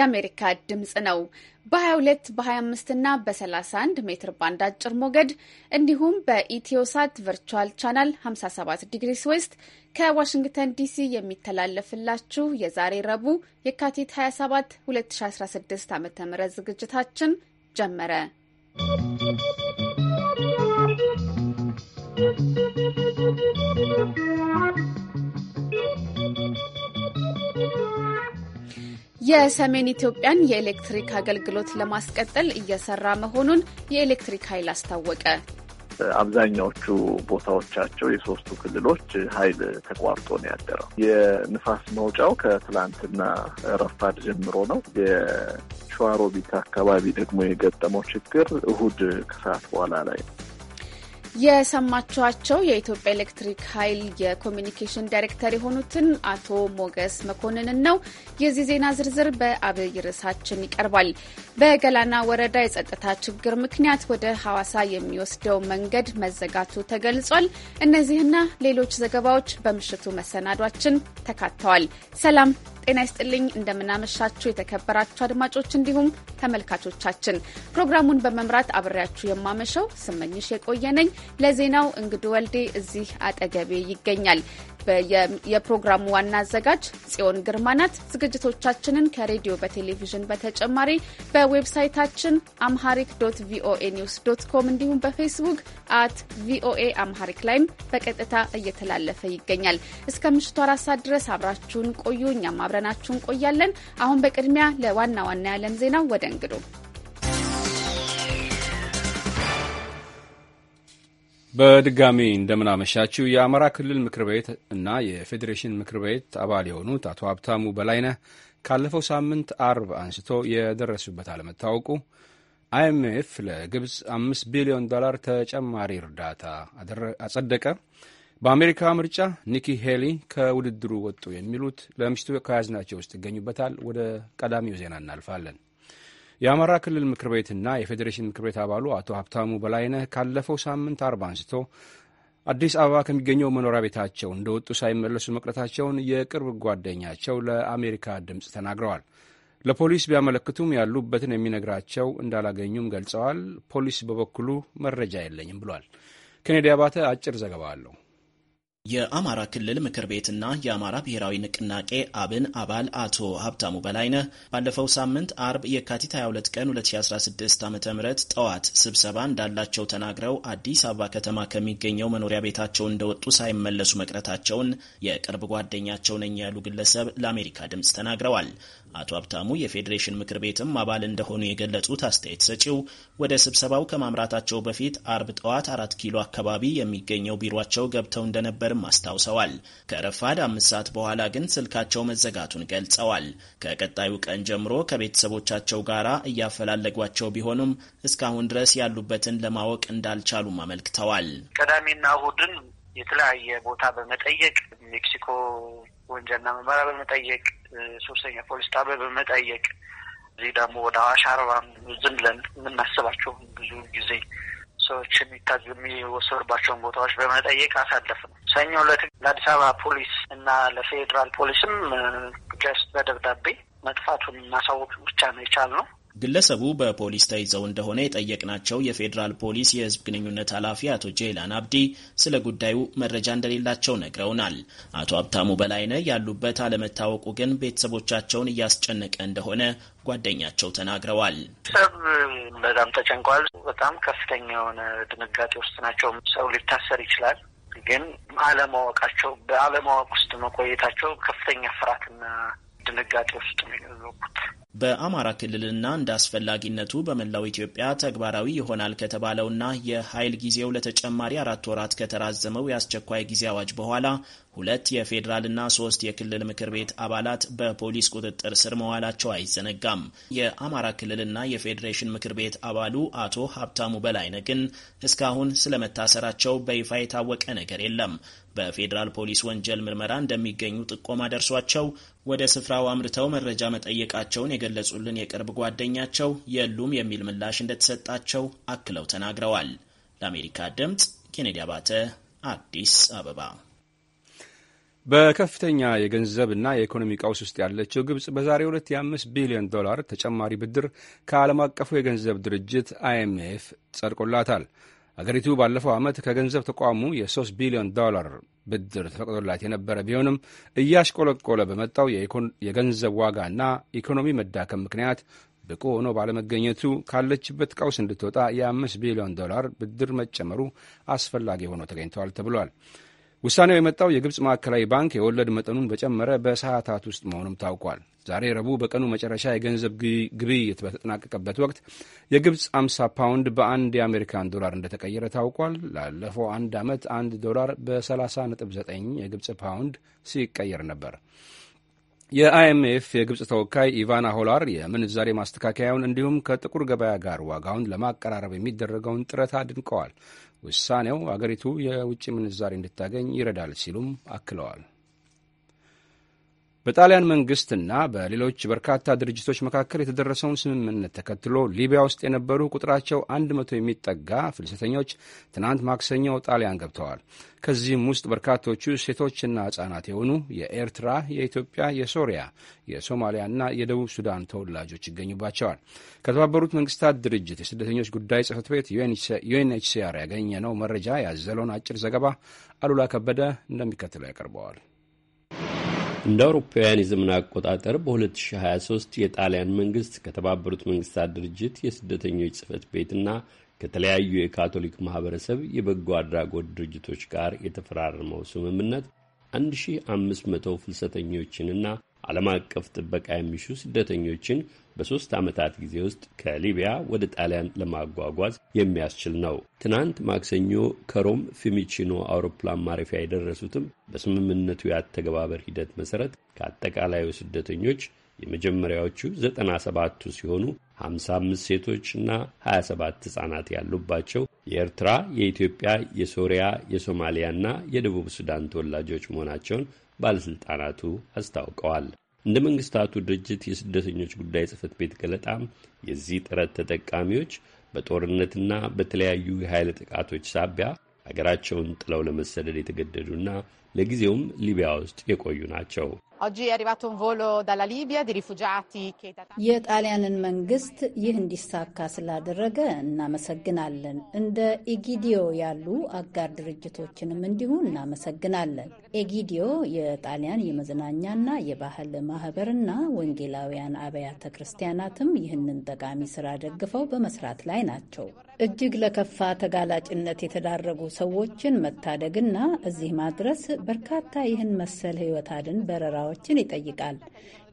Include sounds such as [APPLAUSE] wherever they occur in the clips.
የአሜሪካ ድምፅ ነው። በ22 በ25 እና በ31 ሜትር ባንድ አጭር ሞገድ እንዲሁም በኢትዮሳት ቨርቹዋል ቻናል 57 ዲግሪ ስዌስት ከዋሽንግተን ዲሲ የሚተላለፍላችሁ የዛሬ ረቡዕ የካቲት 27 2016 ዓ ም ዝግጅታችን ጀመረ። ¶¶ የሰሜን ኢትዮጵያን የኤሌክትሪክ አገልግሎት ለማስቀጠል እየሰራ መሆኑን የኤሌክትሪክ ኃይል አስታወቀ። አብዛኛዎቹ ቦታዎቻቸው የሶስቱ ክልሎች ኃይል ተቋርጦ ነው ያደረው። የንፋስ መውጫው ከትላንትና ረፋድ ጀምሮ ነው። የሸዋሮቢት አካባቢ ደግሞ የገጠመው ችግር እሁድ ከሰዓት በኋላ ላይ ነው። የሰማችኋቸው የኢትዮጵያ ኤሌክትሪክ ኃይል የኮሚኒኬሽን ዳይሬክተር የሆኑትን አቶ ሞገስ መኮንንን ነው። የዚህ ዜና ዝርዝር በአብይ ርዕሳችን ይቀርባል። በገላና ወረዳ የጸጥታ ችግር ምክንያት ወደ ሐዋሳ የሚወስደው መንገድ መዘጋቱ ተገልጿል። እነዚህና ሌሎች ዘገባዎች በምሽቱ መሰናዷችን ተካተዋል። ሰላም ጤና ይስጥልኝ እንደምናመሻችሁ የተከበራችሁ አድማጮች እንዲሁም ተመልካቾቻችን ፕሮግራሙን በመምራት አብሬያችሁ የማመሸው ስመኝሽ የቆየነኝ ለዜናው እንግዱ ወልዴ እዚህ አጠገቤ ይገኛል የፕሮግራሙ ዋና አዘጋጅ ጽዮን ግርማ ናት። ዝግጅቶቻችንን ከሬዲዮ በቴሌቪዥን በተጨማሪ በዌብሳይታችን አምሃሪክ ዶት ቪኦኤ ኒውስ ዶት ኮም እንዲሁም በፌስቡክ አት ቪኦኤ አምሃሪክ ላይም በቀጥታ እየተላለፈ ይገኛል። እስከ ምሽቱ አራት ሰዓት ድረስ አብራችሁን ቆዩ። እኛም አብረናችሁን ቆያለን። አሁን በቅድሚያ ለዋና ዋና የዓለም ዜና ወደ እንግዶ በድጋሚ እንደምናመሻችው የአማራ ክልል ምክር ቤት እና የፌዴሬሽን ምክር ቤት አባል የሆኑት አቶ ሀብታሙ በላይነህ ካለፈው ሳምንት አርብ አንስቶ የደረሱበት አለመታወቁ አይኤምኤፍ ለግብፅ አምስት ቢሊዮን ዶላር ተጨማሪ እርዳታ አጸደቀ፣ በአሜሪካ ምርጫ ኒኪ ሄሊ ከውድድሩ ወጡ የሚሉት ለምሽቱ ከያዝናቸው ውስጥ ይገኙበታል። ወደ ቀዳሚው ዜና እናልፋለን። የአማራ ክልል ምክር ቤትና የፌዴሬሽን ምክር ቤት አባሉ አቶ ሀብታሙ በላይነህ ካለፈው ሳምንት አርባ አንስቶ አዲስ አበባ ከሚገኘው መኖሪያ ቤታቸው እንደወጡ ሳይመለሱ መቅረታቸውን የቅርብ ጓደኛቸው ለአሜሪካ ድምፅ ተናግረዋል። ለፖሊስ ቢያመለክቱም ያሉበትን የሚነግራቸው እንዳላገኙም ገልጸዋል። ፖሊስ በበኩሉ መረጃ የለኝም ብሏል። ኬኔዲ አባተ አጭር ዘገባ አለው። የአማራ ክልል ምክር ቤትና የአማራ ብሔራዊ ንቅናቄ አብን አባል አቶ ሀብታሙ በላይነህ ባለፈው ሳምንት አርብ የካቲት 22 ቀን 2016 ዓ ም ጠዋት ስብሰባ እንዳላቸው ተናግረው አዲስ አበባ ከተማ ከሚገኘው መኖሪያ ቤታቸው እንደወጡ ሳይመለሱ መቅረታቸውን የቅርብ ጓደኛቸው ነኝ ያሉ ግለሰብ ለአሜሪካ ድምፅ ተናግረዋል። አቶ ሀብታሙ የፌዴሬሽን ምክር ቤትም አባል እንደሆኑ የገለጹት አስተያየት ሰጪው ወደ ስብሰባው ከማምራታቸው በፊት አርብ ጠዋት አራት ኪሎ አካባቢ የሚገኘው ቢሯቸው ገብተው እንደነበርም አስታውሰዋል። ከረፋድ አምስት ሰዓት በኋላ ግን ስልካቸው መዘጋቱን ገልጸዋል። ከቀጣዩ ቀን ጀምሮ ከቤተሰቦቻቸው ጋር እያፈላለጓቸው ቢሆኑም እስካሁን ድረስ ያሉበትን ለማወቅ እንዳልቻሉም አመልክተዋል። ቅዳሜና እሁድን የተለያየ ቦታ በመጠየቅ ሜክሲኮ ወንጀልና ምርመራ በመጠየቅ ሶስተኛ ፖሊስ ጣቢያ በመጠየቅ እዚህ ደግሞ ወደ አዋሽ አርባም ዝም ብለን የምናስባቸው ብዙ ጊዜ ሰዎች የሚታዝ የሚወሰድባቸውን ቦታዎች በመጠየቅ አሳለፍ ነው። ሰኞ ዕለት ለአዲስ አበባ ፖሊስ እና ለፌዴራል ፖሊስም ጀስት በደብዳቤ መጥፋቱን ማሳወቅ ብቻ ነው የቻልነው። ግለሰቡ በፖሊስ ተይዘው እንደሆነ የጠየቅናቸው የፌዴራል ፖሊስ የህዝብ ግንኙነት ኃላፊ አቶ ጄይላን አብዲ ስለ ጉዳዩ መረጃ እንደሌላቸው ነግረውናል። አቶ ሀብታሙ በላይነ ያሉበት አለመታወቁ ግን ቤተሰቦቻቸውን እያስጨነቀ እንደሆነ ጓደኛቸው ተናግረዋል። ሰብ በጣም ተጨንቋል። በጣም ከፍተኛ የሆነ ድንጋጤ ውስጥ ናቸው። ሰው ሊታሰር ይችላል ግን አለማወቃቸው በአለማወቅ ውስጥ መቆየታቸው ከፍተኛ ፍርሃትና ድንጋጤ ውስጥ ነው የገቡት። በአማራ ክልልና እንደ አስፈላጊነቱ በመላው ኢትዮጵያ ተግባራዊ ይሆናል ከተባለውና የኃይል ጊዜው ለተጨማሪ አራት ወራት ከተራዘመው የአስቸኳይ ጊዜ አዋጅ በኋላ ሁለት የፌዴራልና ሶስት የክልል ምክር ቤት አባላት በፖሊስ ቁጥጥር ስር መዋላቸው አይዘነጋም። የአማራ ክልልና የፌዴሬሽን ምክር ቤት አባሉ አቶ ሀብታሙ በላይነ ግን እስካሁን ስለመታሰራቸው በይፋ የታወቀ ነገር የለም። በፌዴራል ፖሊስ ወንጀል ምርመራ እንደሚገኙ ጥቆማ ደርሷቸው ወደ ስፍራው አምርተው መረጃ መጠየቃቸውን የገለጹልን የቅርብ ጓደኛቸው የሉም የሚል ምላሽ እንደተሰጣቸው አክለው ተናግረዋል። ለአሜሪካ ድምፅ ኬኔዲ አባተ አዲስ አበባ። በከፍተኛ የገንዘብና የኢኮኖሚ ቀውስ ውስጥ ያለችው ግብጽ በዛሬው ዕለት የአምስት ቢሊዮን ዶላር ተጨማሪ ብድር ከዓለም አቀፉ የገንዘብ ድርጅት አይኤምኤፍ ጸድቆላታል። አገሪቱ ባለፈው ዓመት ከገንዘብ ተቋሙ የ3 ቢሊዮን ዶላር ብድር ተፈቅዶላት የነበረ ቢሆንም እያሽቆለቆለ በመጣው የገንዘብ ዋጋና ኢኮኖሚ መዳከም ምክንያት ብቁ ሆኖ ባለመገኘቱ ካለችበት ቀውስ እንድትወጣ የ5 ቢሊዮን ዶላር ብድር መጨመሩ አስፈላጊ ሆኖ ተገኝተዋል ተብሏል። ውሳኔው የመጣው የግብፅ ማዕከላዊ ባንክ የወለድ መጠኑን በጨመረ በሰዓታት ውስጥ መሆኑም ታውቋል። ዛሬ ረቡዕ በቀኑ መጨረሻ የገንዘብ ግብይት በተጠናቀቀበት ወቅት የግብፅ 50 ፓውንድ በአንድ የአሜሪካን ዶላር እንደተቀየረ ታውቋል። ላለፈው አንድ ዓመት አንድ ዶላር በ30.9 የግብፅ ፓውንድ ሲቀየር ነበር። የአይኤምኤፍ የግብፅ ተወካይ ኢቫና ሆላር የምንዛሬ ማስተካከያውን እንዲሁም ከጥቁር ገበያ ጋር ዋጋውን ለማቀራረብ የሚደረገውን ጥረት አድንቀዋል። ውሳኔው አገሪቱ የውጭ ምንዛሪ እንድታገኝ ይረዳል ሲሉም አክለዋል። በጣሊያን መንግስትና በሌሎች በርካታ ድርጅቶች መካከል የተደረሰውን ስምምነት ተከትሎ ሊቢያ ውስጥ የነበሩ ቁጥራቸው አንድ መቶ የሚጠጋ ፍልሰተኞች ትናንት ማክሰኞ ጣሊያን ገብተዋል። ከዚህም ውስጥ በርካቶቹ ሴቶችና ሕጻናት የሆኑ የኤርትራ፣ የኢትዮጵያ፣ የሶሪያ፣ የሶማሊያና የደቡብ ሱዳን ተወላጆች ይገኙባቸዋል። ከተባበሩት መንግስታት ድርጅት የስደተኞች ጉዳይ ጽፈት ቤት ዩኤንኤችሲአር ነው። መረጃ ያዘለውን አጭር ዘገባ አሉላ ከበደ እንደሚከተለው ያቀርበዋል። እንደ አውሮፓውያን የዘመን አቆጣጠር በ2023 የጣሊያን መንግስት ከተባበሩት መንግስታት ድርጅት የስደተኞች ጽህፈት ቤትና ከተለያዩ የካቶሊክ ማህበረሰብ የበጎ አድራጎት ድርጅቶች ጋር የተፈራረመው ስምምነት 1500 ፍልሰተኞችንና ዓለም አቀፍ ጥበቃ የሚሹ ስደተኞችን በሦስት ዓመታት ጊዜ ውስጥ ከሊቢያ ወደ ጣሊያን ለማጓጓዝ የሚያስችል ነው። ትናንት ማክሰኞ ከሮም ፊሚቺኖ አውሮፕላን ማረፊያ የደረሱትም በስምምነቱ የአተገባበር ሂደት መሠረት ከአጠቃላዩ ስደተኞች የመጀመሪያዎቹ 97ቱ ሲሆኑ 55 ሴቶች እና 27 ሕፃናት ያሉባቸው የኤርትራ፣ የኢትዮጵያ፣ የሶሪያ፣ የሶማሊያ እና የደቡብ ሱዳን ተወላጆች መሆናቸውን ባለሥልጣናቱ አስታውቀዋል። እንደ መንግስታቱ ድርጅት የስደተኞች ጉዳይ ጽህፈት ቤት ገለጣም የዚህ ጥረት ተጠቃሚዎች በጦርነትና በተለያዩ የኃይል ጥቃቶች ሳቢያ ሀገራቸውን ጥለው ለመሰደድ የተገደዱና ለጊዜውም ሊቢያ ውስጥ የቆዩ ናቸው። የጣሊያንን መንግስት ይህ እንዲሳካ ስላደረገ እናመሰግናለን። እንደ ኤጊዲዮ ያሉ አጋር ድርጅቶችንም እንዲሁ እናመሰግናለን። ኤጊዲዮ የጣሊያን የመዝናኛና የባህል ማህበርና ወንጌላውያን አብያተ ክርስቲያናትም ይህንን ጠቃሚ ስራ ደግፈው በመስራት ላይ ናቸው። እጅግ ለከፋ ተጋላጭነት የተዳረጉ ሰዎችን መታደግና እዚህ ማድረስ በርካታ ይህን መሰል ህይወት አድን በረራዎችን ይጠይቃል።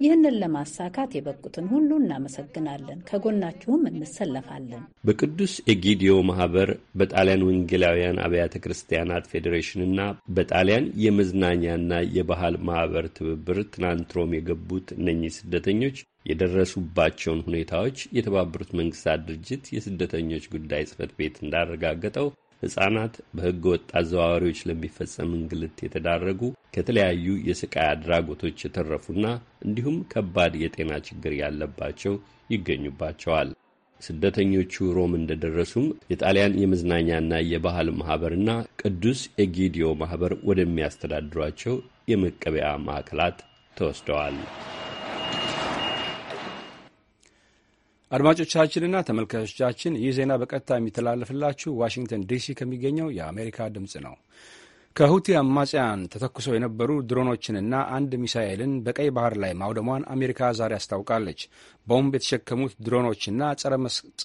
ይህንን ለማሳካት የበቁትን ሁሉ እናመሰግናለን። ከጎናችሁም እንሰለፋለን። በቅዱስ ኤጊዲዮ ማህበር በጣሊያን ወንጌላውያን አብያተ ክርስቲያናት ፌዴሬሽንና በጣሊያን የመዝናኛና የባህል ማህበር ትብብር ትናንት ሮም የገቡት እነኚህ ስደተኞች የደረሱባቸውን ሁኔታዎች የተባበሩት መንግስታት ድርጅት የስደተኞች ጉዳይ ጽህፈት ቤት እንዳረጋገጠው ሕፃናት በሕገ ወጥ አዘዋዋሪዎች ለሚፈጸም እንግልት የተዳረጉ ከተለያዩ የስቃይ አድራጎቶች የተረፉና እንዲሁም ከባድ የጤና ችግር ያለባቸው ይገኙባቸዋል። ስደተኞቹ ሮም እንደደረሱም የጣሊያን የመዝናኛና የባህል ማኅበርና ቅዱስ ኤጊዲዮ ማኅበር ወደሚያስተዳድሯቸው የመቀበያ ማዕከላት ተወስደዋል። አድማጮቻችንና ተመልካቾቻችን ይህ ዜና በቀጥታ የሚተላለፍላችሁ ዋሽንግተን ዲሲ ከሚገኘው የአሜሪካ ድምፅ ነው። ከሁቲ አማጽያን ተተኩሰው የነበሩ ድሮኖችንና አንድ ሚሳኤልን በቀይ ባህር ላይ ማውደሟን አሜሪካ ዛሬ አስታውቃለች። ቦምብ የተሸከሙት ድሮኖችና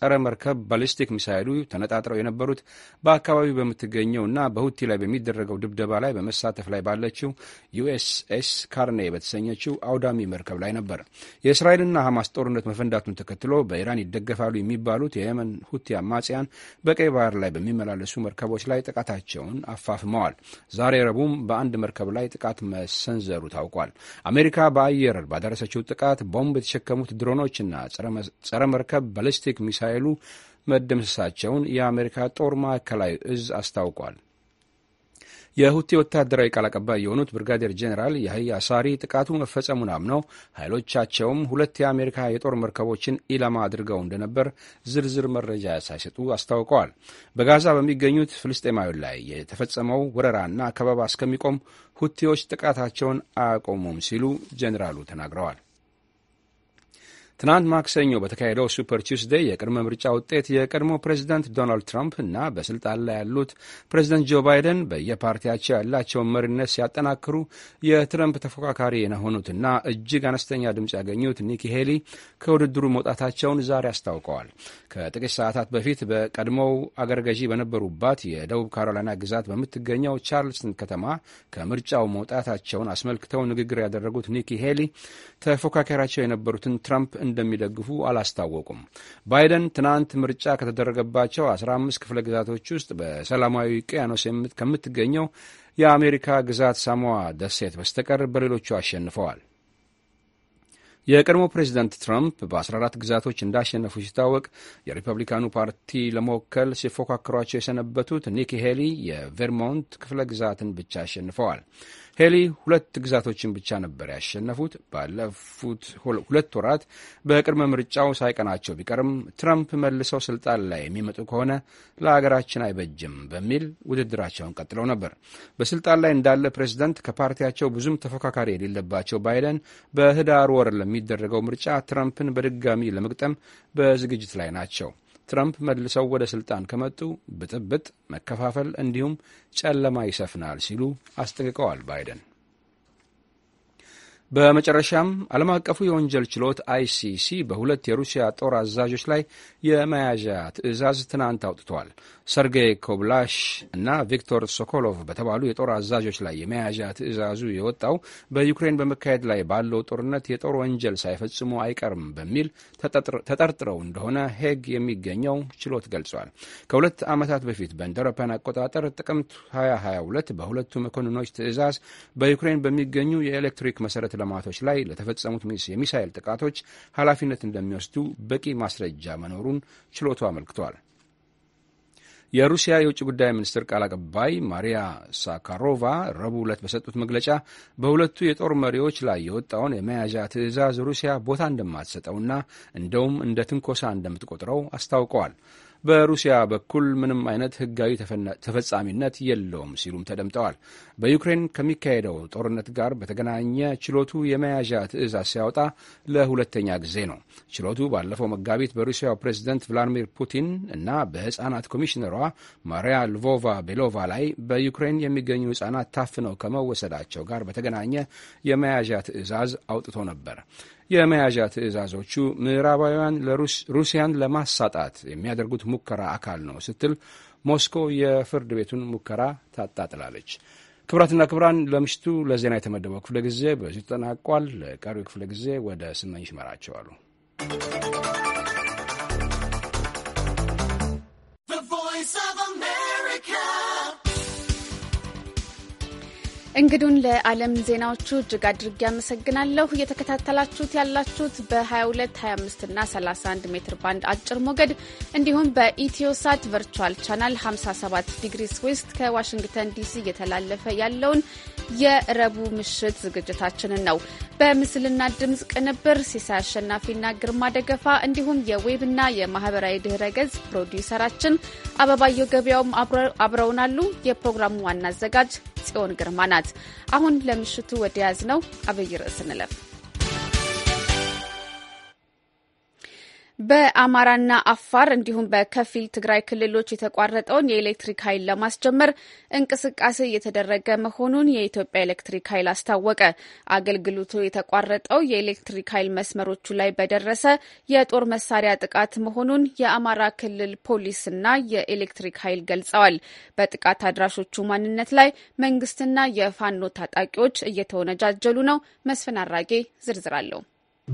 ጸረ መርከብ ባሊስቲክ ሚሳይሉ ተነጣጥረው የነበሩት በአካባቢው በምትገኘውና በሁቲ ላይ በሚደረገው ድብደባ ላይ በመሳተፍ ላይ ባለችው ዩኤስኤስ ካርኔ በተሰኘችው አውዳሚ መርከብ ላይ ነበር። የእስራኤልና ሐማስ ጦርነት መፈንዳቱን ተከትሎ በኢራን ይደገፋሉ የሚባሉት የየመን ሁቲ አማጽያን በቀይ ባህር ላይ በሚመላለሱ መርከቦች ላይ ጥቃታቸውን አፋፍመዋል። ዛሬ ረቡም በአንድ መርከብ ላይ ጥቃት መሰንዘሩ ታውቋል። አሜሪካ በአየር ባደረሰችው ጥቃት ቦምብ የተሸከሙት ድሮኖች ሚሳይሎችና ጸረ መርከብ ባሊስቲክ ሚሳይሉ መደምሰሳቸውን የአሜሪካ ጦር ማዕከላዊ እዝ አስታውቋል። የሁቲ ወታደራዊ ቃል አቀባይ የሆኑት ብርጋዴር ጄኔራል ያህያ ሳሪ ጥቃቱ መፈጸሙን አምነው ኃይሎቻቸውም ሁለት የአሜሪካ የጦር መርከቦችን ኢላማ አድርገው እንደነበር ዝርዝር መረጃ ሳይሰጡ አስታውቀዋል። በጋዛ በሚገኙት ፍልስጤማዊ ላይ የተፈጸመው ወረራና ከበባ እስከሚቆም ሁቲዎች ጥቃታቸውን አያቆሙም ሲሉ ጄኔራሉ ተናግረዋል። ትናንት ማክሰኞ በተካሄደው ሱፐር ቱስዴይ የቅድመ ምርጫ ውጤት የቀድሞ ፕሬዚዳንት ዶናልድ ትራምፕ እና በስልጣን ላይ ያሉት ፕሬዚደንት ጆ ባይደን በየፓርቲያቸው ያላቸውን መሪነት ሲያጠናክሩ የትረምፕ ተፎካካሪ የሆኑትና እጅግ አነስተኛ ድምፅ ያገኙት ኒኪ ሄሊ ከውድድሩ መውጣታቸውን ዛሬ አስታውቀዋል። ከጥቂት ሰዓታት በፊት በቀድሞው አገር ገዢ በነበሩባት የደቡብ ካሮላይና ግዛት በምትገኘው ቻርልስን ከተማ ከምርጫው መውጣታቸውን አስመልክተው ንግግር ያደረጉት ኒኪ ሄሊ ተፎካካሪያቸው የነበሩትን ትራምፕ እንደሚደግፉ አላስታወቁም። ባይደን ትናንት ምርጫ ከተደረገባቸው 15 ክፍለ ግዛቶች ውስጥ በሰላማዊ ውቅያኖስ ከምትገኘው የአሜሪካ ግዛት ሳሞዋ ደሴት በስተቀር በሌሎቹ አሸንፈዋል። የቀድሞ ፕሬዚዳንት ትራምፕ በ14 ግዛቶች እንዳሸነፉ ሲታወቅ የሪፐብሊካኑ ፓርቲ ለመወከል ሲፎካከሯቸው የሰነበቱት ኒኪ ሄሊ የቬርሞንት ክፍለ ግዛትን ብቻ አሸንፈዋል። ሄሊ ሁለት ግዛቶችን ብቻ ነበር ያሸነፉት። ባለፉት ሁለት ወራት በቅድመ ምርጫው ሳይቀናቸው ቢቀርም ትራምፕ መልሰው ስልጣን ላይ የሚመጡ ከሆነ ለሀገራችን አይበጅም በሚል ውድድራቸውን ቀጥለው ነበር። በስልጣን ላይ እንዳለ ፕሬዚዳንት ከፓርቲያቸው ብዙም ተፎካካሪ የሌለባቸው ባይደን በህዳር ወር ለሚደረገው ምርጫ ትራምፕን በድጋሚ ለመግጠም በዝግጅት ላይ ናቸው። ትራምፕ መልሰው ወደ ስልጣን ከመጡ ብጥብጥ፣ መከፋፈል እንዲሁም ጨለማ ይሰፍናል ሲሉ አስጠንቅቀዋል ባይደን በመጨረሻም ዓለም አቀፉ የወንጀል ችሎት አይሲሲ በሁለት የሩሲያ ጦር አዛዦች ላይ የመያዣ ትዕዛዝ ትናንት አውጥቷል። ሰርጌይ ኮብላሽ እና ቪክቶር ሶኮሎቭ በተባሉ የጦር አዛዦች ላይ የመያዣ ትዕዛዙ የወጣው በዩክሬን በመካሄድ ላይ ባለው ጦርነት የጦር ወንጀል ሳይፈጽሙ አይቀርም በሚል ተጠርጥረው እንደሆነ ሄግ የሚገኘው ችሎት ገልጿል። ከሁለት ዓመታት በፊት በእንደ አውሮፓውያን አቆጣጠር ጥቅምት 2022 በሁለቱ መኮንኖች ትዕዛዝ በዩክሬን በሚገኙ የኤሌክትሪክ መሠረት ተቋማቶች ላይ ለተፈጸሙት የሚሳኤል ጥቃቶች ኃላፊነት እንደሚወስዱ በቂ ማስረጃ መኖሩን ችሎቱ አመልክቷል። የሩሲያ የውጭ ጉዳይ ሚኒስትር ቃል አቀባይ ማሪያ ሳካሮቫ ረቡዕ ዕለት በሰጡት መግለጫ በሁለቱ የጦር መሪዎች ላይ የወጣውን የመያዣ ትዕዛዝ ሩሲያ ቦታ እንደማትሰጠውና እንደውም እንደ ትንኮሳ እንደምትቆጥረው አስታውቀዋል። በሩሲያ በኩል ምንም አይነት ህጋዊ ተፈጻሚነት የለውም ሲሉም ተደምጠዋል። በዩክሬን ከሚካሄደው ጦርነት ጋር በተገናኘ ችሎቱ የመያዣ ትዕዛዝ ሲያወጣ ለሁለተኛ ጊዜ ነው። ችሎቱ ባለፈው መጋቢት በሩሲያው ፕሬዝደንት ቭላዲሚር ፑቲን እና በህጻናት ኮሚሽነሯ ማሪያ ልቮቫ ቤሎቫ ላይ በዩክሬን የሚገኙ ህጻናት ታፍነው ከመወሰዳቸው ጋር በተገናኘ የመያዣ ትዕዛዝ አውጥቶ ነበር። የመያዣ ትዕዛዞቹ ምዕራባውያን ሩሲያን ለማሳጣት የሚያደርጉት ሙከራ አካል ነው ስትል ሞስኮ የፍርድ ቤቱን ሙከራ ታጣጥላለች። ክብራትና ክብራን ለምሽቱ ለዜና የተመደበው ክፍለ ጊዜ በዚሁ ተጠናቋል። ለቀሪው ክፍለ ጊዜ ወደ ስመኝሽ መራቸዋሉ። እንግዱን ለዓለም ዜናዎቹ እጅግ አድርጌ አመሰግናለሁ። እየተከታተላችሁት ያላችሁት በ22፣ 25 እና 31 ሜትር ባንድ አጭር ሞገድ እንዲሁም በኢትዮሳት ቨርቹዋል ቻናል 57 ዲግሪስ ዌስት ከዋሽንግተን ዲሲ እየተላለፈ ያለውን የረቡ ምሽት ዝግጅታችንን ነው። በምስልና ድምፅ ቅንብር ሲሳይ አሸናፊና ግርማ ደገፋ እንዲሁም የዌብና የማህበራዊ ድህረ ገጽ ፕሮዲውሰራችን አበባየው ገበያውም አብረውናሉ። የፕሮግራሙ ዋና አዘጋጅ ጽዮን ግርማ ናት። አሁን ለምሽቱ ወደ ያዝ ነው አብይ ርዕስ እንለፍ። በአማራና አፋር እንዲሁም በከፊል ትግራይ ክልሎች የተቋረጠውን የኤሌክትሪክ ኃይል ለማስጀመር እንቅስቃሴ እየተደረገ መሆኑን የኢትዮጵያ ኤሌክትሪክ ኃይል አስታወቀ። አገልግሎቱ የተቋረጠው የኤሌክትሪክ ኃይል መስመሮቹ ላይ በደረሰ የጦር መሳሪያ ጥቃት መሆኑን የአማራ ክልል ፖሊስና የኤሌክትሪክ ኃይል ገልጸዋል። በጥቃት አድራሾቹ ማንነት ላይ መንግስትና የፋኖ ታጣቂዎች እየተወነጃጀሉ ነው። መስፍን አራጌ ዝርዝር አለው።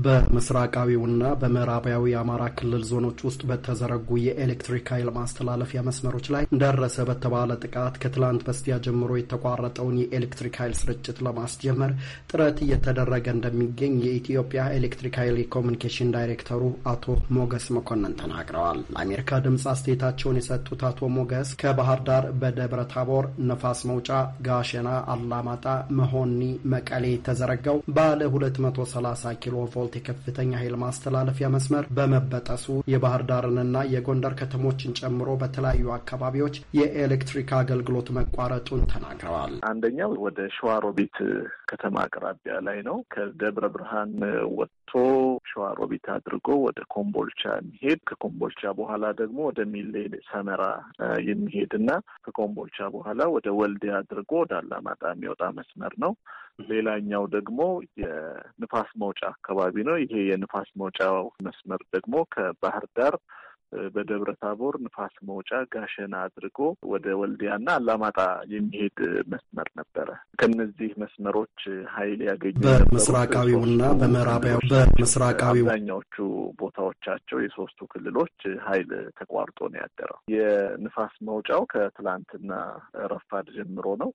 በምስራቃዊውና በምዕራባዊ የአማራ ክልል ዞኖች ውስጥ በተዘረጉ የኤሌክትሪክ ኃይል ማስተላለፊያ መስመሮች ላይ ደረሰ በተባለ ጥቃት ከትላንት በስቲያ ጀምሮ የተቋረጠውን የኤሌክትሪክ ኃይል ስርጭት ለማስጀመር ጥረት እየተደረገ እንደሚገኝ የኢትዮጵያ ኤሌክትሪክ ኃይል የኮሚኒኬሽን ዳይሬክተሩ አቶ ሞገስ መኮንን ተናግረዋል። ለአሜሪካ ድምፅ አስተያየታቸውን የሰጡት አቶ ሞገስ ከባህር ዳር በደብረ ታቦር፣ ነፋስ መውጫ፣ ጋሸና፣ አላማጣ፣ መሆኒ፣ መቀሌ የተዘረጋው ባለ 230 ኪሎ ቮልት የፍላጎት የከፍተኛ ኃይል ማስተላለፊያ መስመር በመበጠሱ የባህር ዳርንና የጎንደር ከተሞችን ጨምሮ በተለያዩ አካባቢዎች የኤሌክትሪክ አገልግሎት መቋረጡን ተናግረዋል። አንደኛው ወደ ሸዋሮቢት ከተማ አቅራቢያ ላይ ነው። ከደብረ ብርሃን ወጥቶ ሸዋሮቢት አድርጎ ወደ ኮምቦልቻ የሚሄድ ከኮምቦልቻ በኋላ ደግሞ ወደ ሚሌ ሰመራ የሚሄድ እና ከኮምቦልቻ በኋላ ወደ ወልዲያ አድርጎ ወደ አላማጣ የሚወጣ መስመር ነው። ሌላኛው ደግሞ የንፋስ መውጫ አካባቢ ነው። ይሄ የንፋስ መውጫው መስመር ደግሞ ከባህር ዳር በደብረ ታቦር ንፋስ መውጫ ጋሸና አድርጎ ወደ ወልዲያና አላማጣ የሚሄድ መስመር ነበረ። ከነዚህ መስመሮች ኃይል ያገኙ በምስራቃዊውና በምዕራባዊው በምስራቃዊ አብዛኛዎቹ ቦታዎቻቸው የሶስቱ ክልሎች ኃይል ተቋርጦ ነው ያደረው። የንፋስ መውጫው ከትላንትና ረፋድ ጀምሮ ነው።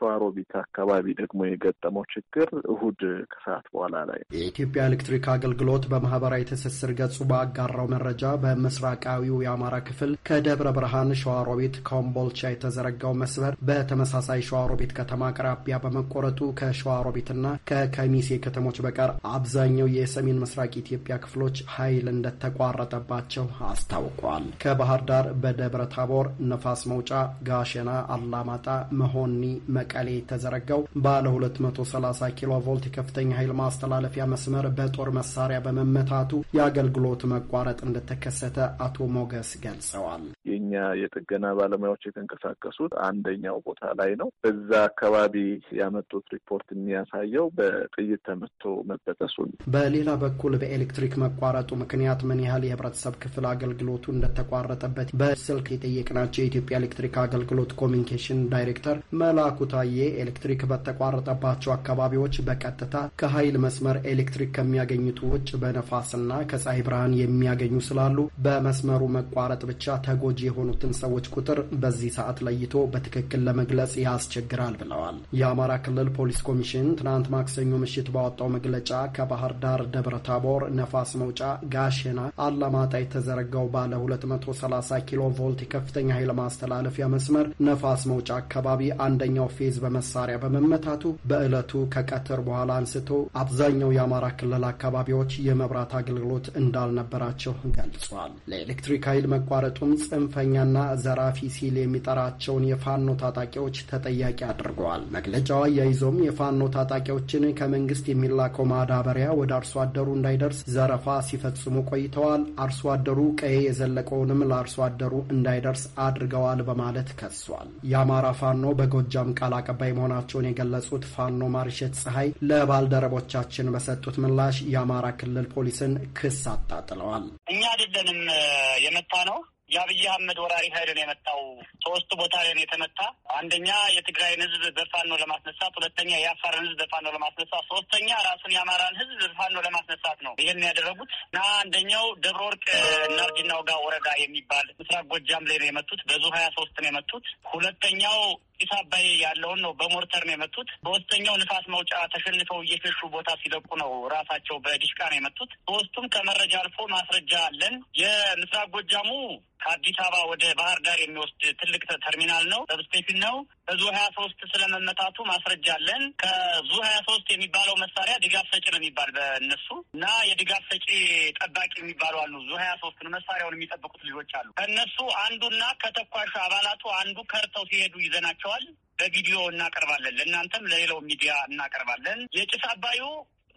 ሸዋሮቢት አካባቢ ደግሞ የገጠመው ችግር እሁድ ከሰዓት በኋላ ላይ የኢትዮጵያ ኤሌክትሪክ አገልግሎት በማህበራዊ ትስስር ገጹ ባጋራው መረጃ በምስራቃዊው የአማራ ክፍል ከደብረ ብርሃን ሸዋሮቢት ኮምቦልቻ የተዘረጋው መስበር በተመሳሳይ ሸዋሮቢት ከተማ አቅራቢያ በመቆረጡ ከሸዋሮቢትና ከከሚሴ ከተሞች በቀር አብዛኛው የሰሜን ምስራቅ ኢትዮጵያ ክፍሎች ኃይል እንደተቋረጠባቸው አስታውቋል። ከባህር ዳር በደብረ ታቦር፣ ነፋስ መውጫ፣ ጋሸና፣ አላማጣ፣ መሆኒ፣ መ መቀሌ የተዘረጋው ባለ 230 ኪሎ ቮልት የከፍተኛ ኃይል ማስተላለፊያ መስመር በጦር መሳሪያ በመመታቱ የአገልግሎት መቋረጥ እንደተከሰተ አቶ ሞገስ ገልጸዋል። የኛ የጥገና ባለሙያዎች የተንቀሳቀሱት አንደኛው ቦታ ላይ ነው። እዛ አካባቢ ያመጡት ሪፖርት የሚያሳየው በጥይት ተመቶ መበጠሱን። በሌላ በኩል በኤሌክትሪክ መቋረጡ ምክንያት ምን ያህል የህብረተሰብ ክፍል አገልግሎቱ እንደተቋረጠበት በስልክ የጠየቅናቸው የኢትዮጵያ ኤሌክትሪክ አገልግሎት ኮሚኒኬሽን ዳይሬክተር መላኩታ ቡራዬ ኤሌክትሪክ በተቋረጠባቸው አካባቢዎች በቀጥታ ከኃይል መስመር ኤሌክትሪክ ከሚያገኙት ውጭ በነፋስና ከፀሐይ ብርሃን የሚያገኙ ስላሉ በመስመሩ መቋረጥ ብቻ ተጎጂ የሆኑትን ሰዎች ቁጥር በዚህ ሰዓት ለይቶ በትክክል ለመግለጽ ያስቸግራል ብለዋል። የአማራ ክልል ፖሊስ ኮሚሽን ትናንት ማክሰኞ ምሽት ባወጣው መግለጫ ከባህር ዳር ደብረ ታቦር፣ ነፋስ መውጫ፣ ጋሽና አላማጣ የተዘረጋው ባለ 230 ኪሎ ቮልት የከፍተኛ ኃይል ማስተላለፊያ መስመር ነፋስ መውጫ አካባቢ አንደኛው ፌዝ በመሳሪያ በመመታቱ በዕለቱ ከቀትር በኋላ አንስቶ አብዛኛው የአማራ ክልል አካባቢዎች የመብራት አገልግሎት እንዳልነበራቸው ገልጿል። ለኤሌክትሪክ ኃይል መቋረጡም ጽንፈኛና ዘራፊ ሲል የሚጠራቸውን የፋኖ ታጣቂዎች ተጠያቂ አድርገዋል። መግለጫው አያይዞም የፋኖ ታጣቂዎችን ከመንግስት የሚላከው ማዳበሪያ ወደ አርሶ አደሩ እንዳይደርስ ዘረፋ ሲፈጽሙ ቆይተዋል። አርሶ አደሩ ቀዬ የዘለቀውንም ለአርሶ አደሩ እንዳይደርስ አድርገዋል በማለት ከሷል። የአማራ ፋኖ በጎጃም ቃል ቃል አቀባይ መሆናቸውን የገለጹት ፋኖ ማርሸት ፀሐይ ለባልደረቦቻችን በሰጡት ምላሽ የአማራ ክልል ፖሊስን ክስ አጣጥለዋል። እኛ አይደለንም የመታ ነው የአብይ አህመድ ወራሪ ኃይልን የመጣው ሶስቱ ቦታ ላይ ነው የተመታ። አንደኛ የትግራይን ህዝብ በፋኖ ለማስነሳት፣ ሁለተኛ የአፋርን ህዝብ በፋኖ ለማስነሳት፣ ሶስተኛ ራሱን የአማራን ህዝብ በፋኖ ለማስነሳት ነው ይህን ያደረጉት እና አንደኛው ደብረ ወርቅ እናርጅናው ጋር ወረዳ የሚባል ምስራቅ ጎጃም ላይ ነው የመቱት። በዙ ሀያ ሶስት ነው የመቱት። ሁለተኛው ጢስ አባይ ያለውን ነው በሞርተር ነው የመቱት። በወስተኛው ንፋስ መውጫ ተሸንፈው እየሸሹ ቦታ ሲለቁ ነው ራሳቸው በዲሽቃ ነው የመቱት። በውስጡም ከመረጃ አልፎ ማስረጃ አለን። የምስራቅ ጎጃሙ ከአዲስ አበባ ወደ ባህር ዳር የሚወስድ ትልቅ ተርሚናል ነው፣ ሰብስቴሽን ነው። ከዙ ሀያ ሶስት ስለመመታቱ ማስረጃ አለን። ከዙ ሀያ ሶስት የሚባለው መሳሪያ ድጋፍ ሰጪ ነው የሚባል በእነሱ እና የድጋፍ ሰጪ ጠባቂ የሚባሉ አሉ። ዙ ሀያ ሶስትን መሳሪያውን የሚጠብቁት ልጆች አሉ። ከእነሱ አንዱና ከተኳሹ አባላቱ አንዱ ከርተው ሲሄዱ ይዘናቸው ተነስተዋል። በቪዲዮ እናቀርባለን። ለእናንተም ለሌላው ሚዲያ እናቀርባለን። የጭስ አባዩ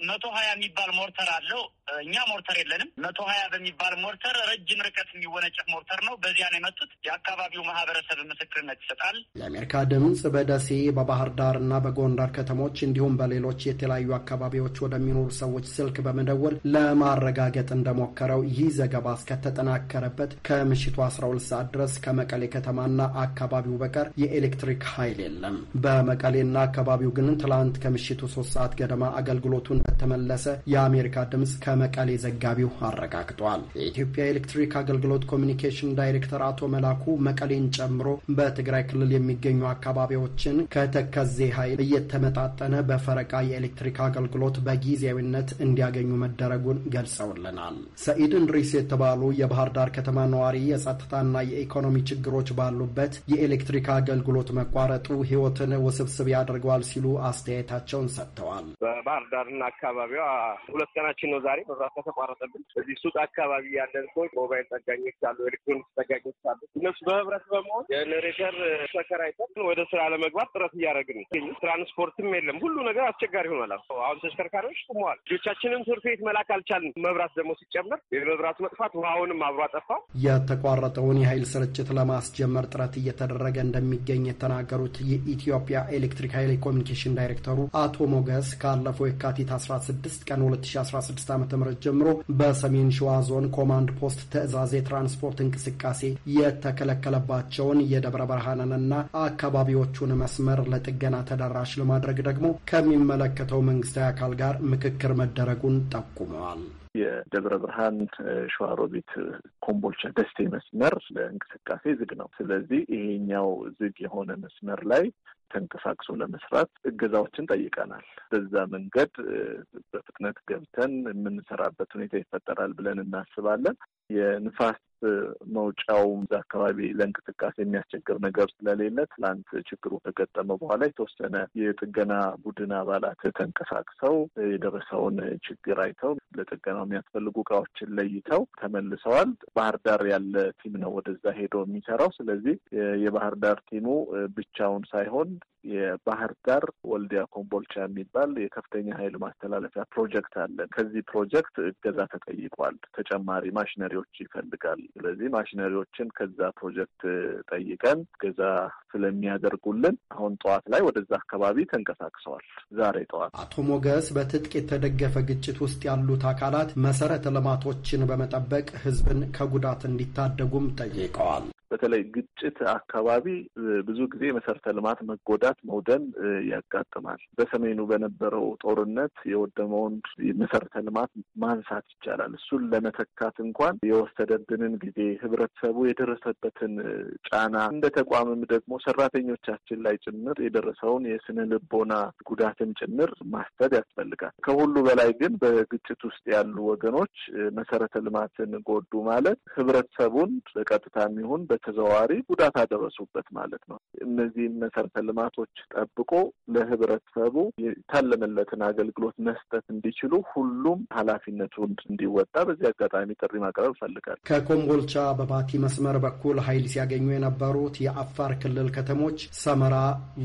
መቶ ሀያ የሚባል ሞርተር አለው እኛ ሞርተር የለንም። መቶ ሀያ በሚባል ሞርተር ረጅም ርቀት የሚወነጨፍ ሞርተር ነው። በዚያ ነው የመጡት። የአካባቢው ማህበረሰብ ምስክርነት ይሰጣል። የአሜሪካ ድምፅ በደሴ በባህር ዳር እና በጎንደር ከተሞች እንዲሁም በሌሎች የተለያዩ አካባቢዎች ወደሚኖሩ ሰዎች ስልክ በመደወል ለማረጋገጥ እንደሞከረው ይህ ዘገባ እስከተጠናከረበት ከምሽቱ 12 ሰዓት ድረስ ከመቀሌ ከተማና አካባቢው በቀር የኤሌክትሪክ ኃይል የለም። በመቀሌና አካባቢው ግን ትላንት ከምሽቱ ሶስት ሰዓት ገደማ አገልግሎቱ እንደተመለሰ የአሜሪካ ድምፅ ከመቀሌ ዘጋቢው አረጋግጧል። የኢትዮጵያ ኤሌክትሪክ አገልግሎት ኮሚኒኬሽን ዳይሬክተር አቶ መላኩ መቀሌን ጨምሮ በትግራይ ክልል የሚገኙ አካባቢዎችን ከተከዜ ኃይል እየተመጣጠነ በፈረቃ የኤሌክትሪክ አገልግሎት በጊዜያዊነት እንዲያገኙ መደረጉን ገልጸውልናል። ሰኢድ እንድሪስ የተባሉ የባህር ዳር ከተማ ነዋሪ የጸጥታና የኢኮኖሚ ችግሮች ባሉበት የኤሌክትሪክ አገልግሎት መቋረጡ ሕይወትን ውስብስብ ያደርገዋል ሲሉ አስተያየታቸውን ሰጥተዋል። በባህር ዳርና አካባቢዋ ሁለት ቀናችን ነው ዛሬ መብራት ተቋረጠብን። እዚህ ሱቅ አካባቢ ያለን ሰዎች ሞባይል ጠጋኞች አሉ፣ ኤሌክትሮኒክስ ጠጋኞች አሉ። እነሱ በህብረት በመሆን ጀኔሬተር ተከራይተን ወደ ስራ ለመግባት ጥረት እያደረግን ትራንስፖርትም የለም፣ ሁሉ ነገር አስቸጋሪ ሆኗል። አሁን ተሽከርካሪዎች ቁመዋል። ልጆቻችንም ትምህርት ቤት መላክ አልቻልን። መብራት ደግሞ ሲጨምር የመብራቱ መጥፋት ውሃውንም አብሮ አጠፋው። የተቋረጠውን የኃይል ስርጭት ለማስጀመር ጥረት እየተደረገ እንደሚገኝ የተናገሩት የኢትዮጵያ ኤሌክትሪክ ኃይል ኮሚኒኬሽን ዳይሬክተሩ አቶ ሞገስ ካለፈው የካቲት 16 ቀን 2016 ዓ ዓ.ም ጀምሮ በሰሜን ሸዋ ዞን ኮማንድ ፖስት ትዕዛዝ የትራንስፖርት እንቅስቃሴ የተከለከለባቸውን የደብረ ብርሃንንና አካባቢዎቹን መስመር ለጥገና ተደራሽ ለማድረግ ደግሞ ከሚመለከተው መንግስታዊ አካል ጋር ምክክር መደረጉን ጠቁመዋል። የደብረ ብርሃን ሸዋሮቢት፣ ኮምቦልቻ፣ ደሴ መስመር ለእንቅስቃሴ ዝግ ነው። ስለዚህ ይሄኛው ዝግ የሆነ መስመር ላይ ተንቀሳቅሶ ለመስራት እገዛዎችን ጠይቀናል። በዛ መንገድ በፍጥነት ገብተን የምንሰራበት ሁኔታ ይፈጠራል ብለን እናስባለን። የንፋስ መውጫውም አካባቢ ለእንቅስቃሴ የሚያስቸግር ነገር ስለሌለ ትላንት ችግሩ ከገጠመ በኋላ የተወሰነ የጥገና ቡድን አባላት ተንቀሳቅሰው የደረሰውን ችግር አይተው ለጥገናው የሚያስፈልጉ እቃዎችን ለይተው ተመልሰዋል። ባህር ዳር ያለ ቲም ነው ወደዛ ሄዶ የሚሰራው። ስለዚህ የባህር ዳር ቲሙ ብቻውን ሳይሆን የባህር ዳር ወልዲያ ኮምቦልቻ የሚባል የከፍተኛ ኃይል ማስተላለፊያ ፕሮጀክት አለ። ከዚህ ፕሮጀክት እገዛ ተጠይቋል። ተጨማሪ ማሽነሪዎች ይፈልጋል። ስለዚህ ማሽነሪዎችን ከዛ ፕሮጀክት ጠይቀን ገዛ ስለሚያደርጉልን አሁን ጠዋት ላይ ወደዛ አካባቢ ተንቀሳቅሰዋል። ዛሬ ጠዋት አቶ ሞገስ በትጥቅ የተደገፈ ግጭት ውስጥ ያሉት አካላት መሰረተ ልማቶችን በመጠበቅ ህዝብን ከጉዳት እንዲታደጉም ጠይቀዋል። በተለይ ግጭት አካባቢ ብዙ ጊዜ መሰረተ ልማት መጎዳት፣ መውደም ያጋጥማል። በሰሜኑ በነበረው ጦርነት የወደመውን መሰረተ ልማት ማንሳት ይቻላል። እሱን ለመተካት እንኳን የወሰደብንን ጊዜ ህብረተሰቡ የደረሰበትን ጫና እንደ ተቋምም ደግሞ ሰራተኞቻችን ላይ ጭምር የደረሰውን የስነ ልቦና ጉዳትን ጭምር ማስተድ ያስፈልጋል። ከሁሉ በላይ ግን በግጭት ውስጥ ያሉ ወገኖች መሰረተ ልማትን ጎዱ ማለት ህብረተሰቡን በቀጥታ ይሁን በተዘዋዋሪ ጉዳት አደረሱበት ማለት ነው። እነዚህን መሰረተ ልማቶች ጠብቆ ለህብረተሰቡ የታለመለትን አገልግሎት መስጠት እንዲችሉ ሁሉም ኃላፊነቱን እንዲወጣ በዚህ አጋጣሚ ጥሪ ማቅረብ እፈልጋለሁ። ከኮምቦልቻ በባቲ መስመር በኩል ኃይል ሲያገኙ የነበሩት የአፋር ክልል ከተሞች ሰመራ፣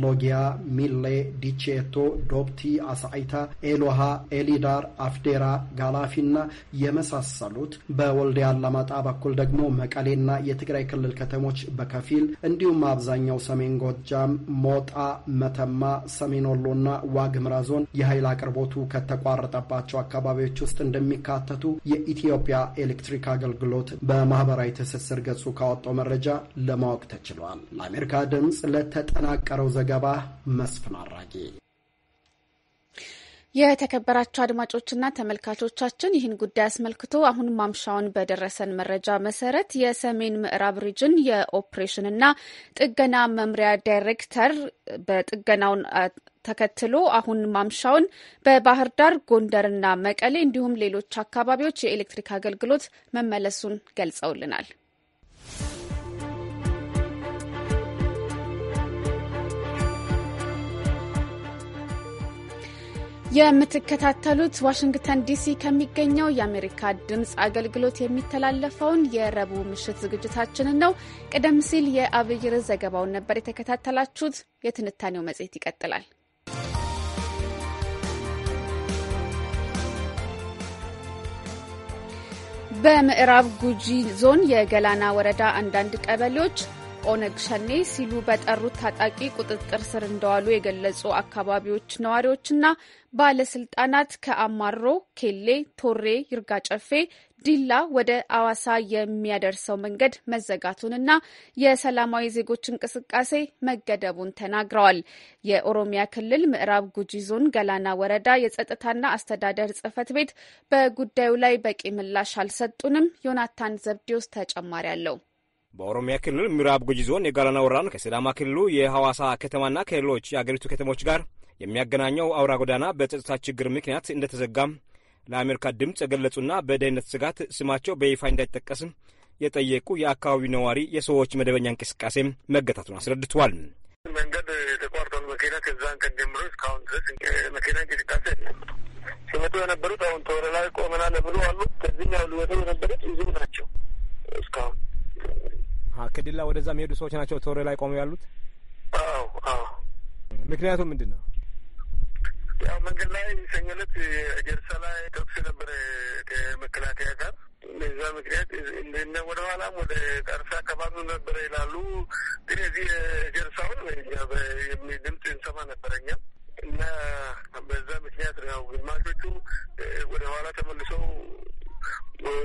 ሎጊያ፣ ሚሌ፣ ዲቼቶ፣ ዶፕቲ፣ አሳይታ፣ ኤሎሃ፣ ኤሊዳር፣ አፍዴራ፣ ጋላፊና የመሳሰሉት በወልዲያ አላማጣ በኩል ደግሞ መቀሌና የትግራይ ክልል ከተሞች በከፊል እንዲሁም አብዛኛው ሰሜን ጎጃም፣ ሞጣ፣ መተማ፣ ሰሜን ወሎና ዋግምራ ዞን የኃይል አቅርቦቱ ከተቋረጠባቸው አካባቢዎች ውስጥ እንደሚካተቱ የኢትዮጵያ ኤሌክትሪክ አገልግሎት በማህበራዊ ትስስር ገጹ ካወጣው መረጃ ለማወቅ ተችሏል። ለአሜሪካ ድምፅ ለተጠናቀረው ዘገባ መስፍን አራጌ የተከበራቸው አድማጮችና ተመልካቾቻችን ይህን ጉዳይ አስመልክቶ አሁን ማምሻውን በደረሰን መረጃ መሰረት የሰሜን ምዕራብ ሪጅን የኦፕሬሽንና ጥገና መምሪያ ዳይሬክተር በጥገናውን ተከትሎ አሁን ማምሻውን በባህር ዳር፣ ጎንደርና መቀሌ እንዲሁም ሌሎች አካባቢዎች የኤሌክትሪክ አገልግሎት መመለሱን ገልጸውልናል። የምትከታተሉት ዋሽንግተን ዲሲ ከሚገኘው የአሜሪካ ድምፅ አገልግሎት የሚተላለፈውን የረቡዕ ምሽት ዝግጅታችንን ነው። ቀደም ሲል የአብይር ዘገባውን ነበር የተከታተላችሁት። የትንታኔው መጽሔት ይቀጥላል። በምዕራብ ጉጂ ዞን የገላና ወረዳ አንዳንድ ቀበሌዎች ኦነግ ሸኔ ሲሉ በጠሩት ታጣቂ ቁጥጥር ስር እንደዋሉ የገለጹ አካባቢዎች ነዋሪዎችና ባለስልጣናት ከአማሮ፣ ኬሌ፣ ቶሬ፣ ይርጋ ጨፌ ዲላ ወደ አዋሳ የሚያደርሰው መንገድ መዘጋቱንና የሰላማዊ ዜጎች እንቅስቃሴ መገደቡን ተናግረዋል። የኦሮሚያ ክልል ምዕራብ ጉጂ ዞን ገላና ወረዳ የጸጥታና አስተዳደር ጽህፈት ቤት በጉዳዩ ላይ በቂ ምላሽ አልሰጡንም። ዮናታን ዘብዲዎስ ተጨማሪ አለው። በኦሮሚያ ክልል ምዕራብ ጉጂ ዞን የጋላና ወረዳን ከሲዳማ ክልሉ የሐዋሳ ከተማና ከሌሎች የአገሪቱ ከተሞች ጋር የሚያገናኘው አውራ ጎዳና በጸጥታ ችግር ምክንያት እንደተዘጋም ለአሜሪካ ድምፅ የገለጹና በደህንነት ስጋት ስማቸው በይፋ እንዳይጠቀስም የጠየቁ የአካባቢው ነዋሪ የሰዎች መደበኛ እንቅስቃሴ መገታቱን አስረድተዋል። መንገድ የተቋርጠውን መኪና ከዛን ቀን ጀምሮ እስካሁን ድረስ መኪና እንቅስቃሴ የለም። ሲመጡ የነበሩት አሁን ተወረላዊ ላይ ቆመናል ብሎ አሉ። ከዚህኛው ያሉ የነበሩት ይዙ ናቸው እስካሁን ከዲላ ወደዛ የሚሄዱ ሰዎች ናቸው ቶሬ ላይ ቆመው ያሉት። አዎ አዎ። ምክንያቱም ምንድን ነው ያው መንገድ ላይ ሰኞ ዕለት ጀርሳ ላይ ተኩስ ነበረ ከመከላከያ ጋር። በዛ ምክንያት እንደነ ወደ ኋላም ወደ ጠርሳ አካባቢ ነበረ ይላሉ። ግን የዚህ ጀርሳውን ድምፅ እንሰማ ነበረኛም እና በዛ ምክንያት ነው ግማሾቹ ወደ ኋላ ተመልሰው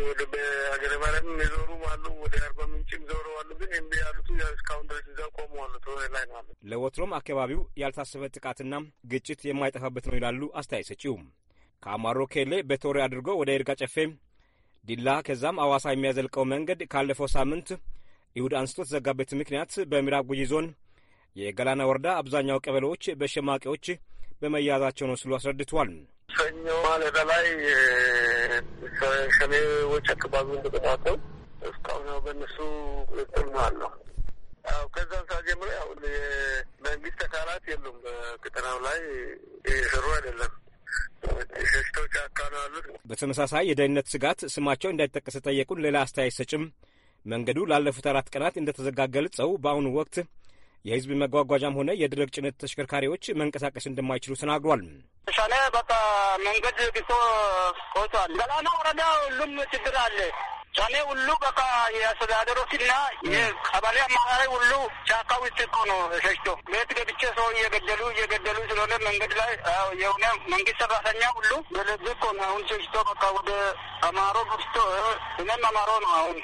ወደ በሀገረ ማርያም የዞሩ አሉ፣ ወደ አርባ ምንጭም ዞሮ አሉ። ግን እምቢ ያሉት እስካሁን ድረስ እዛው ቆሙ አሉ ላይ ነው አሉ። ለወትሮም አካባቢው ያልታሰበ ጥቃትና ግጭት የማይጠፋበት ነው ይላሉ አስተያየት ሰጪው። ከአማሮ ኬሌ በቶሪ አድርጎ ወደ ይርጋ ጨፌ ዲላ ከዛም አዋሳ የሚያዘልቀው መንገድ ካለፈው ሳምንት ይሁድ አንስቶ ተዘጋበት ምክንያት በምዕራብ ጉጂ ዞን የገላና ወረዳ አብዛኛው ቀበሌዎች በሸማቂዎች በመያዛቸው ነው ሲሉ አስረድቷል። ሰኞ ማለዳ ላይ ሸኔዎች አካባቢ እንደተቆጣጠሩ እስካሁን ያው በእነሱ ቁጥጥር ነው አለው። ያው ከዛን ሰዓት ጀምሮ ያው የመንግስት አካላት የሉም በቅጥናው ላይ የሰሩ አይደለም ሸሽተው ጫካ ነው በተመሳሳይ የደህንነት ስጋት ስማቸው እንዳይጠቀስ ጠየቁን ሌላ አስተያየት ሰጭም መንገዱ ላለፉት አራት ቀናት እንደተዘጋ ገልጸው በአሁኑ ወቅት የህዝብ መጓጓዣም ሆነ የደረቅ ጭነት ተሽከርካሪዎች መንቀሳቀስ እንደማይችሉ ተናግሯል። ሻለ በቃ መንገድ ግቶ ቆቷል። ገላና ወረዳ ሁሉም ችግር አለ። ቻኔ ሁሉ በቃ የአስተዳደሮችና የቀበሌ አማራሪ ሁሉ ጫካ ውስጥ እኮ ነው ሸሽቶ ቤት ገብቼ ሰው እየገደሉ እየገደሉ ስለሆነ መንገድ ላይ የሆነ መንግስት ሰራተኛ ሁሉ በልብ እኮ ነው አሁን ሸሽቶ በቃ ወደ አማሮ ብስቶ እኔም አማሮ ነው አሁን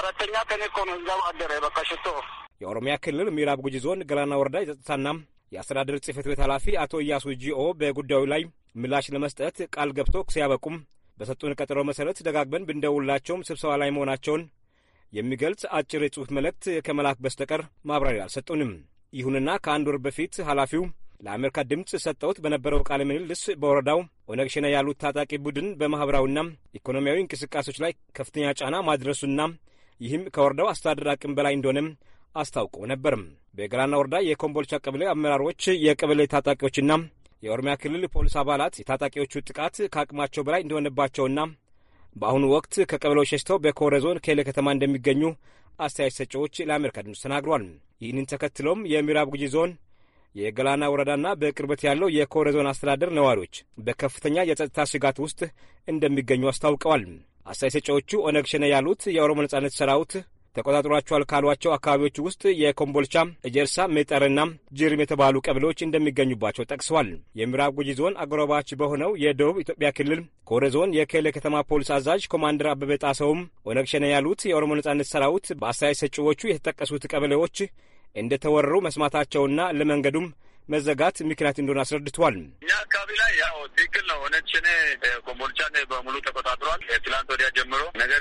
አራተኛ ከኔ እኮ ነው እዛው አደረ በቃ ሽቶ የኦሮሚያ ክልል ምዕራብ ጉጂ ዞን ገላና ወረዳ የጸጥታና የአስተዳደር ጽሕፈት ቤት ኃላፊ አቶ እያሱ ጂኦ በጉዳዩ ላይ ምላሽ ለመስጠት ቃል ገብቶ ሲያበቁም በሰጡን ቀጠሮ መሰረት ደጋግመን ብንደውላቸውም ስብሰባ ላይ መሆናቸውን የሚገልጽ አጭር የጽሑፍ መልእክት ከመላክ በስተቀር ማብራሪያ አልሰጡንም። ይሁንና ከአንድ ወር በፊት ኃላፊው ለአሜሪካ ድምፅ ሰጠውት በነበረው ቃለ ምልልስ በወረዳው ኦነግ ሸኔ ያሉት ታጣቂ ቡድን በማኅበራዊና ኢኮኖሚያዊ እንቅስቃሴዎች ላይ ከፍተኛ ጫና ማድረሱና ይህም ከወረዳው አስተዳደር አቅም በላይ እንደሆነም አስታውቆ ነበር። በገላና ወረዳ የኮምቦልቻ ቀበሌ አመራሮች፣ የቀበሌ ታጣቂዎችና የኦሮሚያ ክልል ፖሊስ አባላት የታጣቂዎቹ ጥቃት ከአቅማቸው በላይ እንደሆነባቸውና በአሁኑ ወቅት ከቀበሌው ሸሽተው በኮረ ዞን ኬሌ ከተማ እንደሚገኙ አስተያየት ሰጪዎች ለአሜሪካ ድምፅ ተናግሯል። ይህንን ተከትሎም የምዕራብ ጉጂ ዞን የገላና ወረዳና በቅርበት ያለው የኮረ ዞን አስተዳደር ነዋሪዎች በከፍተኛ የጸጥታ ስጋት ውስጥ እንደሚገኙ አስታውቀዋል። አስተያየት ሰጪዎቹ ኦነግ ሸኔ ያሉት የኦሮሞ ነጻነት ሰራዊት ተቆጣጥሯቸዋል ካሏቸው አካባቢዎች ውስጥ የኮምቦልቻ፣ እጀርሳ፣ ሜጠርና ጅርም የተባሉ ቀበሌዎች እንደሚገኙባቸው ጠቅሰዋል። የምዕራብ ጉጂ ዞን አጎራባች በሆነው የደቡብ ኢትዮጵያ ክልል ኮረ ዞን የኬሌ ከተማ ፖሊስ አዛዥ ኮማንደር አበበ ጣሰውም ኦነግ ሸኔ ያሉት የኦሮሞ ነጻነት ሰራዊት በአስተያየት ሰጪዎቹ የተጠቀሱት ቀበሌዎች እንደተወረሩ መስማታቸውና ለመንገዱም መዘጋት ምክንያት እንደሆነ አስረድተዋል። እኛ አካባቢ ላይ ያው ትክክል ነው። ኦነግ ሸኔ ኮምቦልቻን በሙሉ ተቆጣጥሯል ትላንት ወዲያ ጀምሮ። ነገር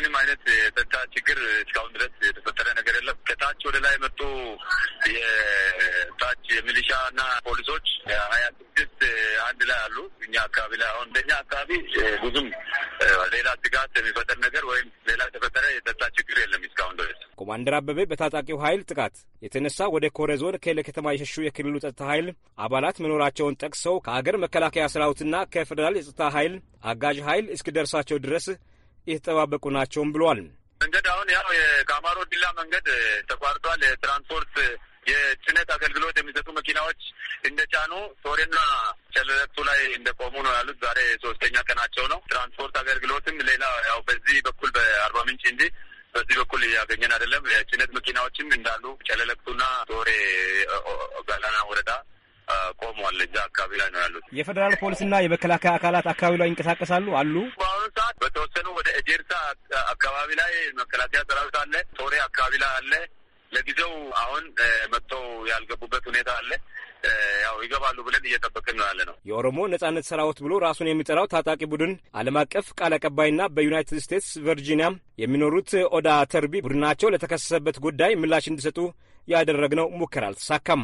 ምንም አይነት የጸጥታ ችግር እስካሁን ድረስ የተፈጠረ ነገር የለም። ከታች ወደ ላይ የመጡ የታች የሚሊሻ እና ፖሊሶች ሀያ ስድስት አንድ ላይ አሉ። እኛ አካባቢ ላይ አሁን እንደኛ አካባቢ ብዙም ሌላ ስጋት የሚፈጠር ነገር ወይም ሌላ የተፈጠረ የጸጥታ ችግር የለም እስካሁን ድረስ። ኮማንደር አበበ በታጣቂው ኃይል ጥቃት የተነሳ ወደ ኮረ ዞን ከሌ ከተማ የሸሹ የክልሉ ጸጥታ ኃይል አባላት መኖራቸውን ጠቅሰው ከአገር መከላከያ ሰራዊትና ከፌዴራል የጸጥታ ኃይል አጋዥ ኃይል እስኪደርሳቸው ድረስ የተጠባበቁ ናቸውም ብሏል። መንገድ አሁን ያው የካማሮ ዲላ መንገድ ተቋርጧል። የትራንስፖርት የጭነት አገልግሎት የሚሰጡ መኪናዎች እንደ ጫኑ ቶሬና ጨለለቱ ላይ እንደቆሙ ነው ያሉት። ዛሬ ሶስተኛ ቀናቸው ነው። ትራንስፖርት አገልግሎትም ሌላ ያው በዚህ በኩል በአርባ ምንጭ እንጂ በዚህ በኩል እያገኘን አይደለም። የጭነት መኪናዎችም እንዳሉ ጨለለቱና ቶሬ ጋላና ወረዳ ቆሟል። እዛ አካባቢ ላይ ነው ያሉት። የፌዴራል ፖሊስና የመከላከያ አካላት አካባቢ ላይ ይንቀሳቀሳሉ አሉ። በአሁኑ ሰዓት በተወሰኑ ወደ ኤጀርሳ አካባቢ ላይ መከላከያ ሰራዊት አለ፣ ቶሬ አካባቢ ላይ አለ። ለጊዜው አሁን መጥተው ያልገቡበት ሁኔታ አለ። ያው ይገባሉ ብለን እየጠበቅን ነው ያለ ነው። የኦሮሞ ነጻነት ሰራዊት ብሎ ራሱን የሚጠራው ታጣቂ ቡድን ዓለም አቀፍ ቃል አቀባይና በዩናይትድ ስቴትስ ቨርጂኒያ የሚኖሩት ኦዳ ተርቢ ቡድናቸው ለተከሰሰበት ጉዳይ ምላሽ እንዲሰጡ ያደረግነው ሙከራ አልተሳካም።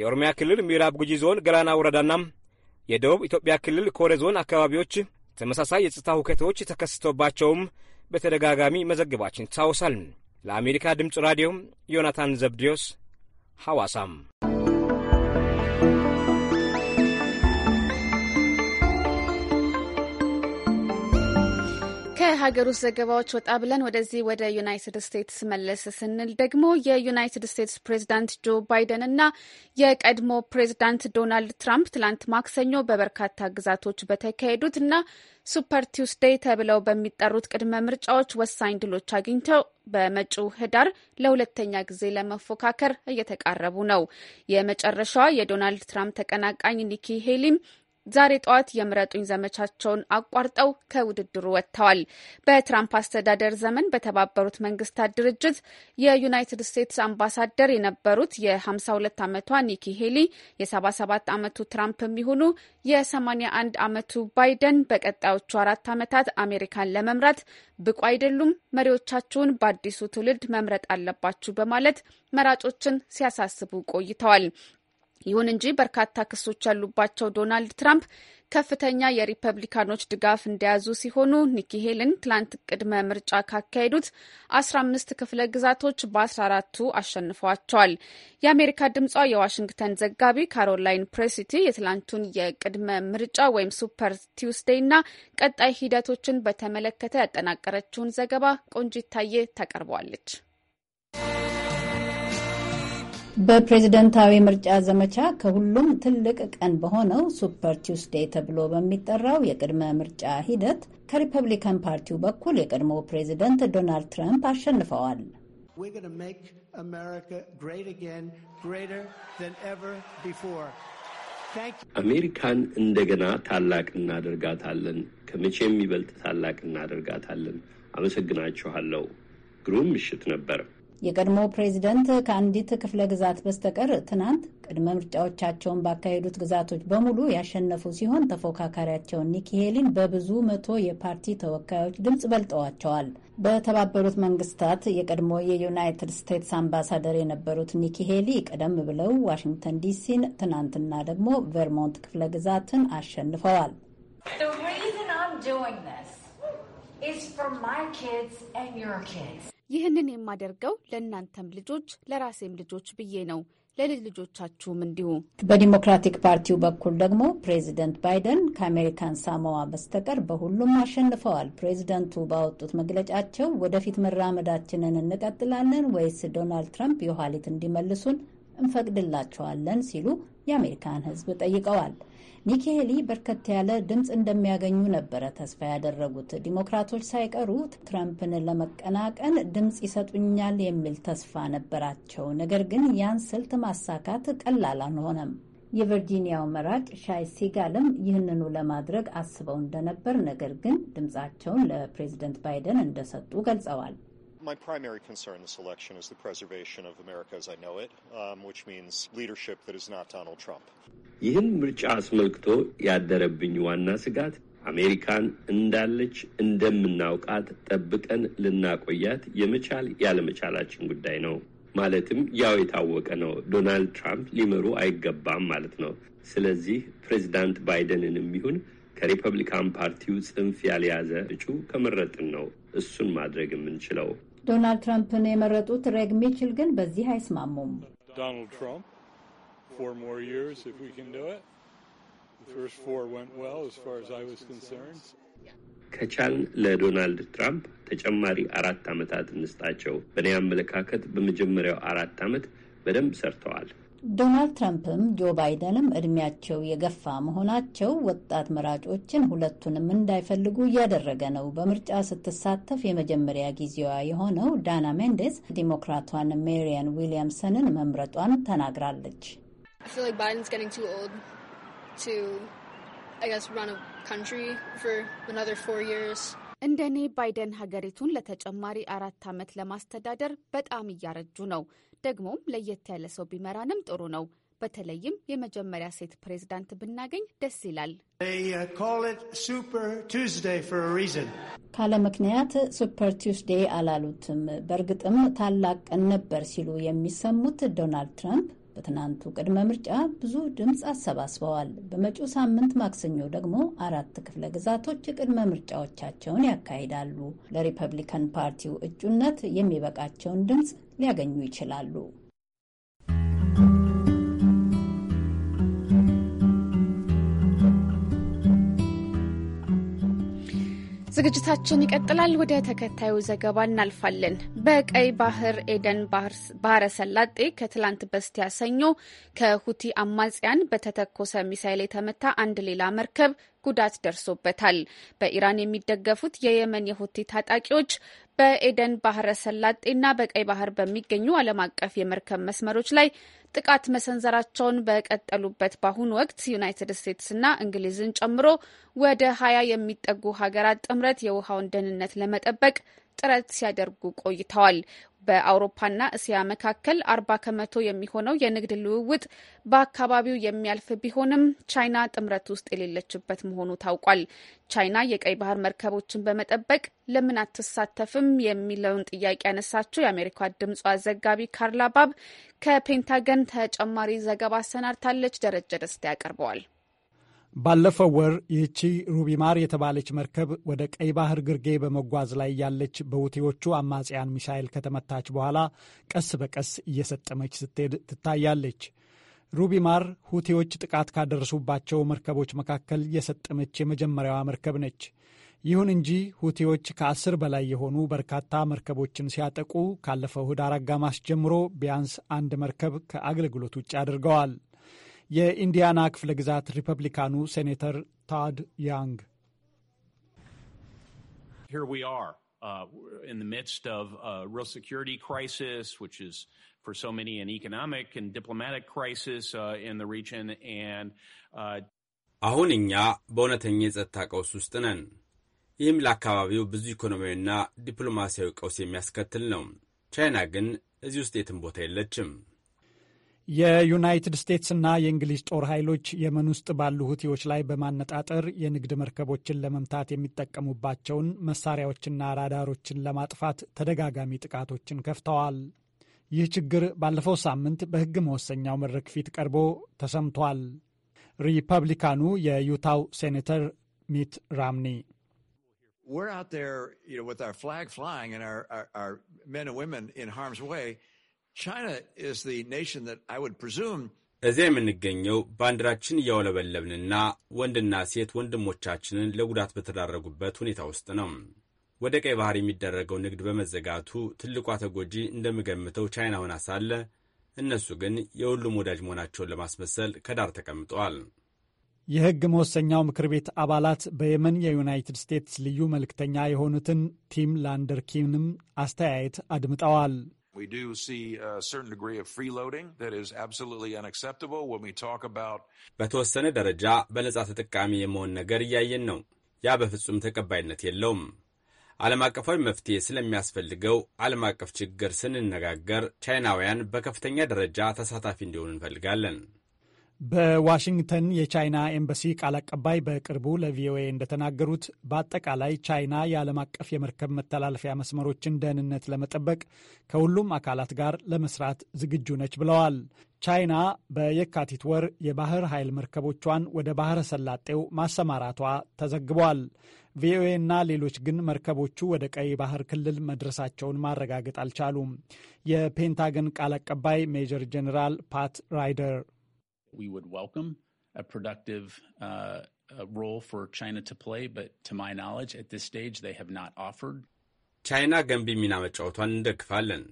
የኦሮሚያ ክልል ምዕራብ ጉጂ ዞን ገላና ወረዳና የደቡብ ኢትዮጵያ ክልል ኮሬ ዞን አካባቢዎች ተመሳሳይ የጸጥታ ሁከቶች ተከስቶባቸውም በተደጋጋሚ መዘግባችን ይታወሳል። ለአሜሪካ ድምፅ ራዲዮ ዮናታን ዘብዲዮስ ሐዋሳም ከሀገር ውስጥ ዘገባዎች ወጣ ብለን ወደዚህ ወደ ዩናይትድ ስቴትስ መለስ ስንል ደግሞ የዩናይትድ ስቴትስ ፕሬዚዳንት ጆ ባይደን እና የቀድሞ ፕሬዚዳንት ዶናልድ ትራምፕ ትላንት ማክሰኞ በበርካታ ግዛቶች በተካሄዱት እና ሱፐር ቲውስዴይ ተብለው በሚጠሩት ቅድመ ምርጫዎች ወሳኝ ድሎች አግኝተው በመጪው ህዳር ለሁለተኛ ጊዜ ለመፎካከር እየተቃረቡ ነው። የመጨረሻዋ የዶናልድ ትራምፕ ተቀናቃኝ ኒኪ ሄሊም ዛሬ ጠዋት የምረጡኝ ዘመቻቸውን አቋርጠው ከውድድሩ ወጥተዋል። በትራምፕ አስተዳደር ዘመን በተባበሩት መንግስታት ድርጅት የዩናይትድ ስቴትስ አምባሳደር የነበሩት የ52 ዓመቷ ኒኪ ሄሊ፣ የ77 ዓመቱ ትራምፕ የሚሆኑ የ81 ዓመቱ ባይደን በቀጣዮቹ አራት ዓመታት አሜሪካን ለመምራት ብቁ አይደሉም፣ መሪዎቻችሁን በአዲሱ ትውልድ መምረጥ አለባችሁ በማለት መራጮችን ሲያሳስቡ ቆይተዋል። ይሁን እንጂ በርካታ ክሶች ያሉባቸው ዶናልድ ትራምፕ ከፍተኛ የሪፐብሊካኖች ድጋፍ እንደያዙ ሲሆኑ ኒኪ ሄልን ትላንት ቅድመ ምርጫ ካካሄዱት አስራ አምስት ክፍለ ግዛቶች በአስራ አራቱ አሸንፈዋቸዋል። የአሜሪካ ድምጿ የዋሽንግተን ዘጋቢ ካሮላይን ፕሬሲቲ የትላንቱን የቅድመ ምርጫ ወይም ሱፐር ቲውስዴይና ቀጣይ ሂደቶችን በተመለከተ ያጠናቀረችውን ዘገባ ቆንጂት ታዬ ታቀርበዋለች። በፕሬዝደንታዊ ምርጫ ዘመቻ ከሁሉም ትልቅ ቀን በሆነው ሱፐር ቲውስዴይ ተብሎ በሚጠራው የቅድመ ምርጫ ሂደት ከሪፐብሊካን ፓርቲው በኩል የቀድሞ ፕሬዝደንት ዶናልድ ትራምፕ አሸንፈዋል። አሜሪካን እንደገና ታላቅ እናደርጋታለን፣ ከመቼም ይበልጥ ታላቅ እናደርጋታለን። አመሰግናችኋለሁ። ግሩም ምሽት ነበር። የቀድሞ ፕሬዚደንት ከአንዲት ክፍለ ግዛት በስተቀር ትናንት ቅድመ ምርጫዎቻቸውን ባካሄዱት ግዛቶች በሙሉ ያሸነፉ ሲሆን ተፎካካሪያቸውን ኒኪ ሄሊን በብዙ መቶ የፓርቲ ተወካዮች ድምፅ በልጠዋቸዋል። በተባበሩት መንግስታት የቀድሞ የዩናይትድ ስቴትስ አምባሳደር የነበሩት ኒኪ ሄሊ ቀደም ብለው ዋሽንግተን ዲሲን፣ ትናንትና ደግሞ ቨርሞንት ክፍለ ግዛትን አሸንፈዋል። is for my kids and your kids. ይህንን የማደርገው ለእናንተም ልጆች ለራሴም ልጆች ብዬ ነው ለልጅ ልጆቻችሁም እንዲሁ። በዲሞክራቲክ ፓርቲው በኩል ደግሞ ፕሬዚደንት ባይደን ከአሜሪካን ሳሞዋ በስተቀር በሁሉም አሸንፈዋል። ፕሬዚደንቱ ባወጡት መግለጫቸው ወደፊት መራመዳችንን እንቀጥላለን ወይስ ዶናልድ ትራምፕ የኋሊት እንዲመልሱን እንፈቅድላቸዋለን ሲሉ የአሜሪካን ሕዝብ ጠይቀዋል። ኒኪ በርከት ያለ ድምፅ እንደሚያገኙ ነበረ ተስፋ ያደረጉት። ዲሞክራቶች ሳይቀሩ ትራምፕን ለመቀናቀን ድምፅ ይሰጡኛል የሚል ተስፋ ነበራቸው። ነገር ግን ያን ስልት ማሳካት ቀላል አልሆነም። የቨርጂኒያው መራጭ ሻይ ሲጋልም ይህንኑ ለማድረግ አስበው እንደነበር፣ ነገር ግን ድምፃቸውን ለፕሬዚደንት ባይደን እንደሰጡ ገልጸዋል። my primary concern this election is the preservation of America as I know it, um, which means leadership that is not Donald Trump. ይህን ምርጫ አስመልክቶ ያደረብኝ ዋና ስጋት አሜሪካን እንዳለች እንደምናውቃት ጠብቀን ልናቆያት የመቻል ያለመቻላችን ጉዳይ ነው። ማለትም ያው የታወቀ ነው፣ ዶናልድ ትራምፕ ሊመሩ አይገባም ማለት ነው። ስለዚህ ፕሬዚዳንት ባይደንንም ይሁን ከሪፐብሊካን ፓርቲው ጽንፍ ያልያዘ እጩ ከመረጥን ነው እሱን ማድረግ የምንችለው። ዶናልድ ትራምፕን የመረጡት ሬግ ሚችል ግን በዚህ አይስማሙም። ከቻል ለዶናልድ ትራምፕ ተጨማሪ አራት ዓመታት እንስጣቸው። በእኔ አመለካከት በመጀመሪያው አራት ዓመት በደንብ ሰርተዋል። ዶናልድ ትራምፕም ጆ ባይደንም እድሜያቸው የገፋ መሆናቸው ወጣት መራጮችን ሁለቱንም እንዳይፈልጉ እያደረገ ነው። በምርጫ ስትሳተፍ የመጀመሪያ ጊዜዋ የሆነው ዳና ሜንዴስ ዲሞክራቷን ሜሪያን ዊሊያምሰንን መምረጧን ተናግራለች። እንደ እኔ ባይደን ሀገሪቱን ለተጨማሪ አራት ዓመት ለማስተዳደር በጣም እያረጁ ነው። ደግሞም ለየት ያለ ሰው ቢመራንም ጥሩ ነው። በተለይም የመጀመሪያ ሴት ፕሬዝዳንት ብናገኝ ደስ ይላል። uh, ካለ ምክንያት ሱፐር ቱስዴይ አላሉትም። በእርግጥም ታላቅ ቀን ነበር ሲሉ የሚሰሙት ዶናልድ ትራምፕ በትናንቱ ቅድመ ምርጫ ብዙ ድምፅ አሰባስበዋል። በመጪው ሳምንት ማክሰኞ ደግሞ አራት ክፍለ ግዛቶች ቅድመ ምርጫዎቻቸውን ያካሂዳሉ። ለሪፐብሊካን ፓርቲው እጩነት የሚበቃቸውን ድምፅ ሊያገኙ ይችላሉ። ዝግጅታችን ይቀጥላል። ወደ ተከታዩ ዘገባ እናልፋለን። በቀይ ባህር ኤደን ባህረ ሰላጤ ከትላንት በስቲያ ሰኞ ከሁቲ አማጽያን በተተኮሰ ሚሳይል የተመታ አንድ ሌላ መርከብ ጉዳት ደርሶበታል። በኢራን የሚደገፉት የየመን የሁቲ ታጣቂዎች በኤደን ባህረ ሰላጤና በቀይ ባህር በሚገኙ ዓለም አቀፍ የመርከብ መስመሮች ላይ ጥቃት መሰንዘራቸውን በቀጠሉበት በአሁኑ ወቅት ዩናይትድ ስቴትስና እንግሊዝን ጨምሮ ወደ ሀያ የሚጠጉ ሀገራት ጥምረት የውሃውን ደህንነት ለመጠበቅ ጥረት ሲያደርጉ ቆይተዋል። በአውሮፓና እስያ መካከል አርባ ከመቶ የሚሆነው የንግድ ልውውጥ በአካባቢው የሚያልፍ ቢሆንም ቻይና ጥምረት ውስጥ የሌለችበት መሆኑ ታውቋል። ቻይና የቀይ ባህር መርከቦችን በመጠበቅ ለምን አትሳተፍም የሚለውን ጥያቄ ያነሳችው የአሜሪካ ድምጽ ዘጋቢ ካርላ ባብ ከፔንታገን ተጨማሪ ዘገባ አሰናድታለች። ደረጀ ደስታ ያቀርበዋል። ባለፈው ወር ይህቺ ሩቢማር የተባለች መርከብ ወደ ቀይ ባህር ግርጌ በመጓዝ ላይ ያለች በሁቴዎቹ አማጽያን ሚሳኤል ከተመታች በኋላ ቀስ በቀስ እየሰጠመች ስትሄድ ትታያለች። ሩቢማር ሁቴዎች ጥቃት ካደረሱባቸው መርከቦች መካከል የሰጠመች የመጀመሪያዋ መርከብ ነች። ይሁን እንጂ ሁቲዎች ከአስር በላይ የሆኑ በርካታ መርከቦችን ሲያጠቁ ካለፈው ህዳር አጋማሽ ጀምሮ ቢያንስ አንድ መርከብ ከአገልግሎት ውጭ አድርገዋል። የኢንዲያና ክፍለ ግዛት ሪፐብሊካኑ ሴኔተር ታድ ያንግ አሁን እኛ በእውነተኛ የጸጥታ ቀውስ ውስጥ ነን። ይህም ለአካባቢው ብዙ ኢኮኖሚያዊና ዲፕሎማሲያዊ ቀውስ የሚያስከትል ነው። ቻይና ግን እዚህ ውስጥ የትም ቦታ የለችም። የዩናይትድ ስቴትስና የእንግሊዝ ጦር ኃይሎች የመን ውስጥ ባሉ ሁቲዎች ላይ በማነጣጠር የንግድ መርከቦችን ለመምታት የሚጠቀሙባቸውን መሳሪያዎችና ራዳሮችን ለማጥፋት ተደጋጋሚ ጥቃቶችን ከፍተዋል። ይህ ችግር ባለፈው ሳምንት በሕግ መወሰኛው መድረክ ፊት ቀርቦ ተሰምቷል። ሪፐብሊካኑ የዩታው ሴኔተር ሚት ራምኒ we're out there you know with our flag flying and our, our, our men and women in harm's way እዚያ የምንገኘው ባንዲራችን እያውለበለብንና ወንድና ሴት ወንድሞቻችንን ለጉዳት በተዳረጉበት ሁኔታ ውስጥ ነው። ወደ ቀይ ባህር የሚደረገው ንግድ በመዘጋቱ ትልቋ ተጎጂ እንደምገምተው ቻይና ሆና ሳለ እነሱ ግን የሁሉም ወዳጅ መሆናቸውን ለማስመሰል ከዳር ተቀምጠዋል። የሕግ መወሰኛው ምክር ቤት አባላት በየመን የዩናይትድ ስቴትስ ልዩ መልእክተኛ የሆኑትን ቲም ላንደርኪንም አስተያየት አድምጠዋል። We do see a certain degree of freeloading that is absolutely unacceptable when we talk about በተወሰነ ደረጃ በነጻ ተጠቃሚ የመሆን ነገር እያየን ነው። ያ በፍጹም ተቀባይነት የለውም። ዓለም አቀፋዊ መፍትሄ ስለሚያስፈልገው ዓለም አቀፍ ችግር ስንነጋገር ቻይናውያን በከፍተኛ ደረጃ ተሳታፊ እንዲሆኑ እንፈልጋለን። በዋሽንግተን የቻይና ኤምባሲ ቃል አቀባይ በቅርቡ ለቪኦኤ እንደተናገሩት በአጠቃላይ ቻይና የዓለም አቀፍ የመርከብ መተላለፊያ መስመሮችን ደህንነት ለመጠበቅ ከሁሉም አካላት ጋር ለመስራት ዝግጁ ነች ብለዋል። ቻይና በየካቲት ወር የባህር ኃይል መርከቦቿን ወደ ባህረ ሰላጤው ማሰማራቷ ተዘግቧል። ቪኦኤና ሌሎች ግን መርከቦቹ ወደ ቀይ ባህር ክልል መድረሳቸውን ማረጋገጥ አልቻሉም። የፔንታገን ቃል አቀባይ ሜጀር ጄኔራል ፓት ራይደር we would welcome a productive uh, a role for China to play, but to my knowledge, at this stage, they have not offered. ቻይና ገንቢ ሚና መጫወቷን እንደግፋለን።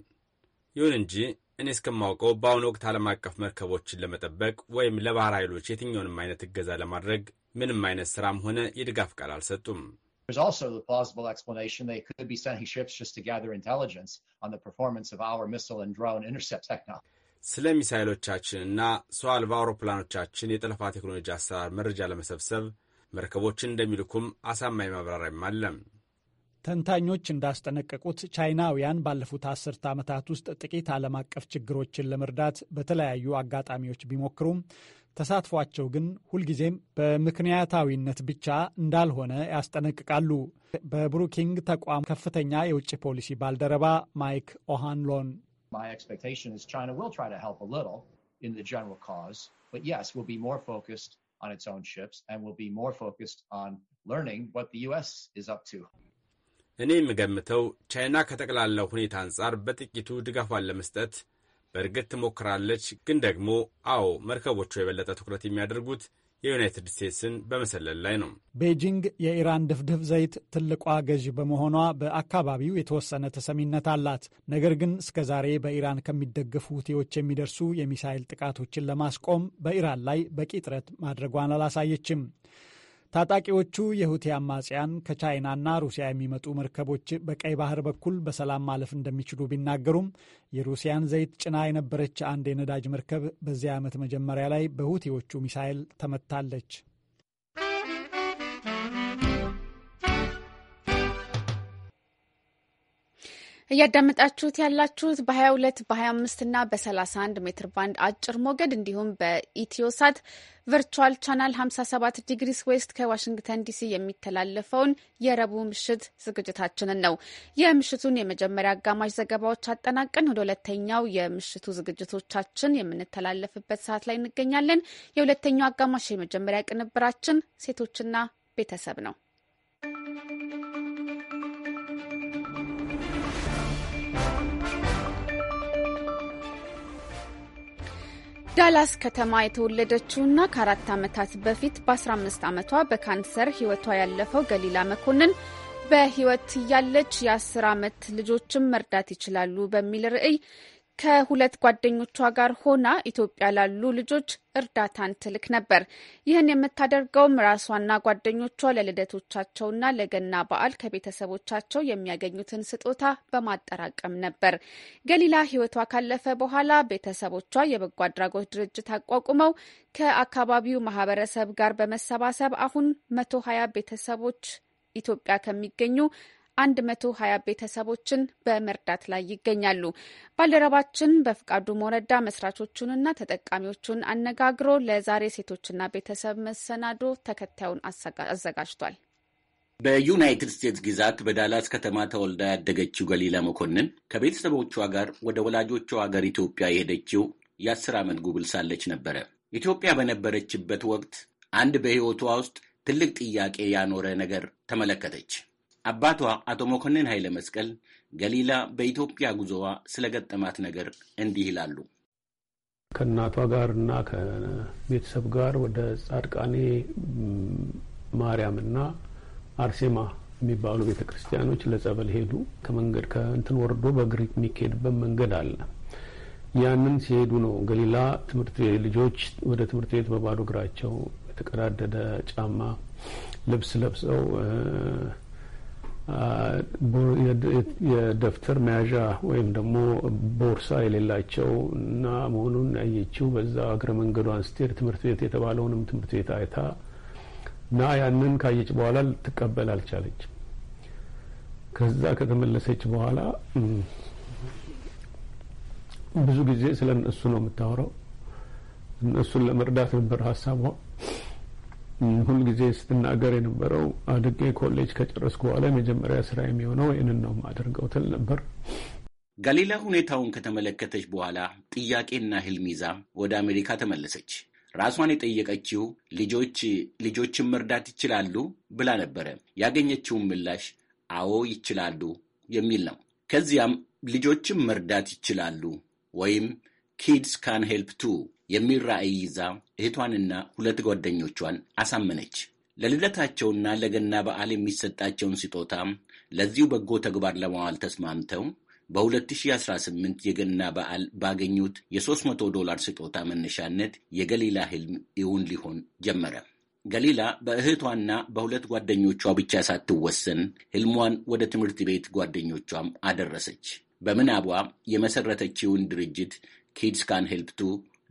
ይሁን እንጂ እኔ እስከማውቀው በአሁኑ ወቅት ዓለም አቀፍ መርከቦችን ለመጠበቅ ወይም ለባህር ኃይሎች የትኛውንም አይነት እገዛ ለማድረግ ምንም አይነት ሆነ የድጋፍ ቃል አልሰጡም። There's also the plausible explanation they could be sending ships just to gather intelligence on the performance of our missile and drone intercept technology. ስለ ሚሳይሎቻችንና ሰው አልባ አውሮፕላኖቻችን የጠለፋ ቴክኖሎጂ አሰራር መረጃ ለመሰብሰብ መርከቦችን እንደሚልኩም አሳማኝ ማብራሪያም አለም። ተንታኞች እንዳስጠነቀቁት ቻይናውያን ባለፉት አስርተ ዓመታት ውስጥ ጥቂት ዓለም አቀፍ ችግሮችን ለመርዳት በተለያዩ አጋጣሚዎች ቢሞክሩም ተሳትፏቸው ግን ሁልጊዜም በምክንያታዊነት ብቻ እንዳልሆነ ያስጠነቅቃሉ። በብሩኪንግ ተቋም ከፍተኛ የውጭ ፖሊሲ ባልደረባ ማይክ ኦሃንሎን my expectation is China will try to help a little in the general cause, but yes, will be more focused on its own ships and will be more focused on learning what the U.S. is up to. እኔ የምገምተው ቻይና ከጠቅላላው ሁኔታ አንጻር በጥቂቱ ድጋፏን ለመስጠት በእርግጥ ትሞክራለች፣ ግን ደግሞ አዎ መርከቦቹ የበለጠ ትኩረት የሚያደርጉት የዩናይትድ ስቴትስን በመሰለል ላይ ነው። ቤጂንግ የኢራን ድፍድፍ ዘይት ትልቋ ገዢ በመሆኗ በአካባቢው የተወሰነ ተሰሚነት አላት። ነገር ግን እስከዛሬ በኢራን ከሚደገፉ ሁቴዎች የሚደርሱ የሚሳይል ጥቃቶችን ለማስቆም በኢራን ላይ በቂ ጥረት ማድረጓን አላሳየችም። ታጣቂዎቹ የሁቲ አማጽያን ከቻይናና ሩሲያ የሚመጡ መርከቦች በቀይ ባህር በኩል በሰላም ማለፍ እንደሚችሉ ቢናገሩም የሩሲያን ዘይት ጭና የነበረች አንድ የነዳጅ መርከብ በዚህ ዓመት መጀመሪያ ላይ በሁቲዎቹ ሚሳይል ተመታለች። እያዳመጣችሁት ያላችሁት በ22 በ25 እና በ31 ሜትር ባንድ አጭር ሞገድ እንዲሁም በኢትዮሳት ቨርቹዋል ቻናል 57 ዲግሪስ ዌስት ከዋሽንግተን ዲሲ የሚተላለፈውን የረቡዕ ምሽት ዝግጅታችንን ነው። የምሽቱን የመጀመሪያ አጋማሽ ዘገባዎች አጠናቀን ወደ ሁለተኛው የምሽቱ ዝግጅቶቻችን የምንተላለፍበት ሰዓት ላይ እንገኛለን። የሁለተኛው አጋማሽ የመጀመሪያ ቅንብራችን ሴቶችና ቤተሰብ ነው። ዳላስ ከተማ የተወለደችውና ከአራት ዓመታት በፊት በ15 ዓመቷ በካንሰር ሕይወቷ ያለፈው ገሊላ መኮንን በሕይወት እያለች የአስር ዓመት ልጆችን መርዳት ይችላሉ በሚል ርዕይ ከሁለት ጓደኞቿ ጋር ሆና ኢትዮጵያ ላሉ ልጆች እርዳታን ትልክ ነበር። ይህን የምታደርገውም ራሷና ጓደኞቿ ለልደቶቻቸውና ለገና በዓል ከቤተሰቦቻቸው የሚያገኙትን ስጦታ በማጠራቀም ነበር። ገሊላ ሕይወቷ ካለፈ በኋላ ቤተሰቦቿ የበጎ አድራጎት ድርጅት አቋቁመው ከአካባቢው ማህበረሰብ ጋር በመሰባሰብ አሁን መቶ ሀያ ቤተሰቦች ኢትዮጵያ ከሚገኙ 120 ቤተሰቦችን በመርዳት ላይ ይገኛሉ። ባልደረባችን በፍቃዱ ሞረዳ መስራቾቹንና ተጠቃሚዎቹን አነጋግሮ ለዛሬ ሴቶችና ቤተሰብ መሰናዶ ተከታዩን አዘጋጅቷል። በዩናይትድ ስቴትስ ግዛት በዳላስ ከተማ ተወልዳ ያደገችው ገሊላ መኮንን ከቤተሰቦቿ ጋር ወደ ወላጆቿ ሀገር ኢትዮጵያ የሄደችው የአስር ዓመት ጉብል ሳለች ነበረ። ኢትዮጵያ በነበረችበት ወቅት አንድ በሕይወቷ ውስጥ ትልቅ ጥያቄ ያኖረ ነገር ተመለከተች። አባቷ አቶ መኮንን ኃይለ መስቀል ገሊላ በኢትዮጵያ ጉዞዋ ስለገጠማት ነገር እንዲህ ይላሉ። ከእናቷ ጋር እና ከቤተሰብ ጋር ወደ ጻድቃኔ ማርያምና አርሴማ የሚባሉ ቤተ ክርስቲያኖች ለጸበል ሄዱ። ከመንገድ ከእንትን ወርዶ በእግር የሚካሄድበት መንገድ አለ። ያንን ሲሄዱ ነው ገሊላ ትምህርት ቤት ልጆች ወደ ትምህርት ቤት በባዶ እግራቸው የተቀዳደደ ጫማ ልብስ ለብሰው የደብተር መያዣ ወይም ደግሞ ቦርሳ የሌላቸው እና መሆኑን ያየችው በዛ እግረ መንገዷን ስትሄድ ትምህርት ቤት የተባለውንም ትምህርት ቤት አይታ እና ያንን ካየች በኋላ ልትቀበል አልቻለች። ከዛ ከተመለሰች በኋላ ብዙ ጊዜ ስለ እነሱ ነው የምታወራው። እነሱን ለመርዳት ነበር ሀሳቧ። ሁልጊዜ ስትናገር የነበረው አድጌ ኮሌጅ ከጨረስኩ በኋላ የመጀመሪያ ስራ የሚሆነው ይህንን ነው ማደርገው ትል ነበር። ጋሊላ ሁኔታውን ከተመለከተች በኋላ ጥያቄና ህልም ይዛ ወደ አሜሪካ ተመለሰች። ራሷን የጠየቀችው ልጆች ልጆችን መርዳት ይችላሉ ብላ ነበረ። ያገኘችውን ምላሽ አዎ ይችላሉ የሚል ነው። ከዚያም ልጆችን መርዳት ይችላሉ ወይም ኪድስ ካን ሄልፕ ቱ የሚል ራዕይ ይዛ እህቷንና ሁለት ጓደኞቿን አሳመነች። ለልደታቸውና ለገና በዓል የሚሰጣቸውን ስጦታ ለዚሁ በጎ ተግባር ለማዋል ተስማምተው በ2018 የገና በዓል ባገኙት የ300 ዶላር ስጦታ መነሻነት የገሊላ ህልም እውን ሊሆን ጀመረ። ገሊላ በእህቷና በሁለት ጓደኞቿ ብቻ ሳትወሰን ህልሟን ወደ ትምህርት ቤት ጓደኞቿም አደረሰች። በምናቧ የመሰረተችውን ድርጅት ኪድስ ካን ሄልፕቱ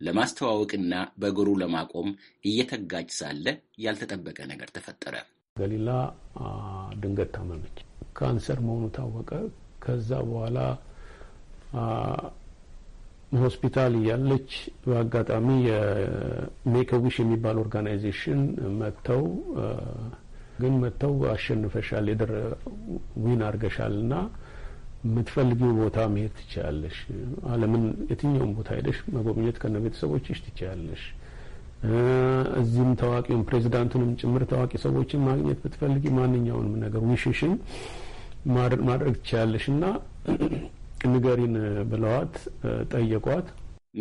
ለማስተዋወቅና በእግሩ ለማቆም እየተጋጭ ሳለ ያልተጠበቀ ነገር ተፈጠረ። ገሊላ ድንገት ታመመች። ካንሰር መሆኑ ታወቀ። ከዛ በኋላ ሆስፒታል እያለች በአጋጣሚ የሜከዊሽ የሚባል ኦርጋናይዜሽን መጥተው ግን መጥተው አሸንፈሻል፣ የደረ ዊን አርገሻል ና የምትፈልጊው ቦታ መሄድ ትችላለሽ። ዓለምን የትኛውም ቦታ ሄደሽ መጎብኘት ከነ ቤተሰቦችሽ ትችላለሽ። እዚህም ታዋቂውን ፕሬዚዳንቱንም ጭምር ታዋቂ ሰዎችን ማግኘት ብትፈልጊ ማንኛውንም ነገር ውሽሽን ማድረግ ትችላለሽ እና [CLEARS THROAT] ንገሪን ብለዋት ጠየቋት።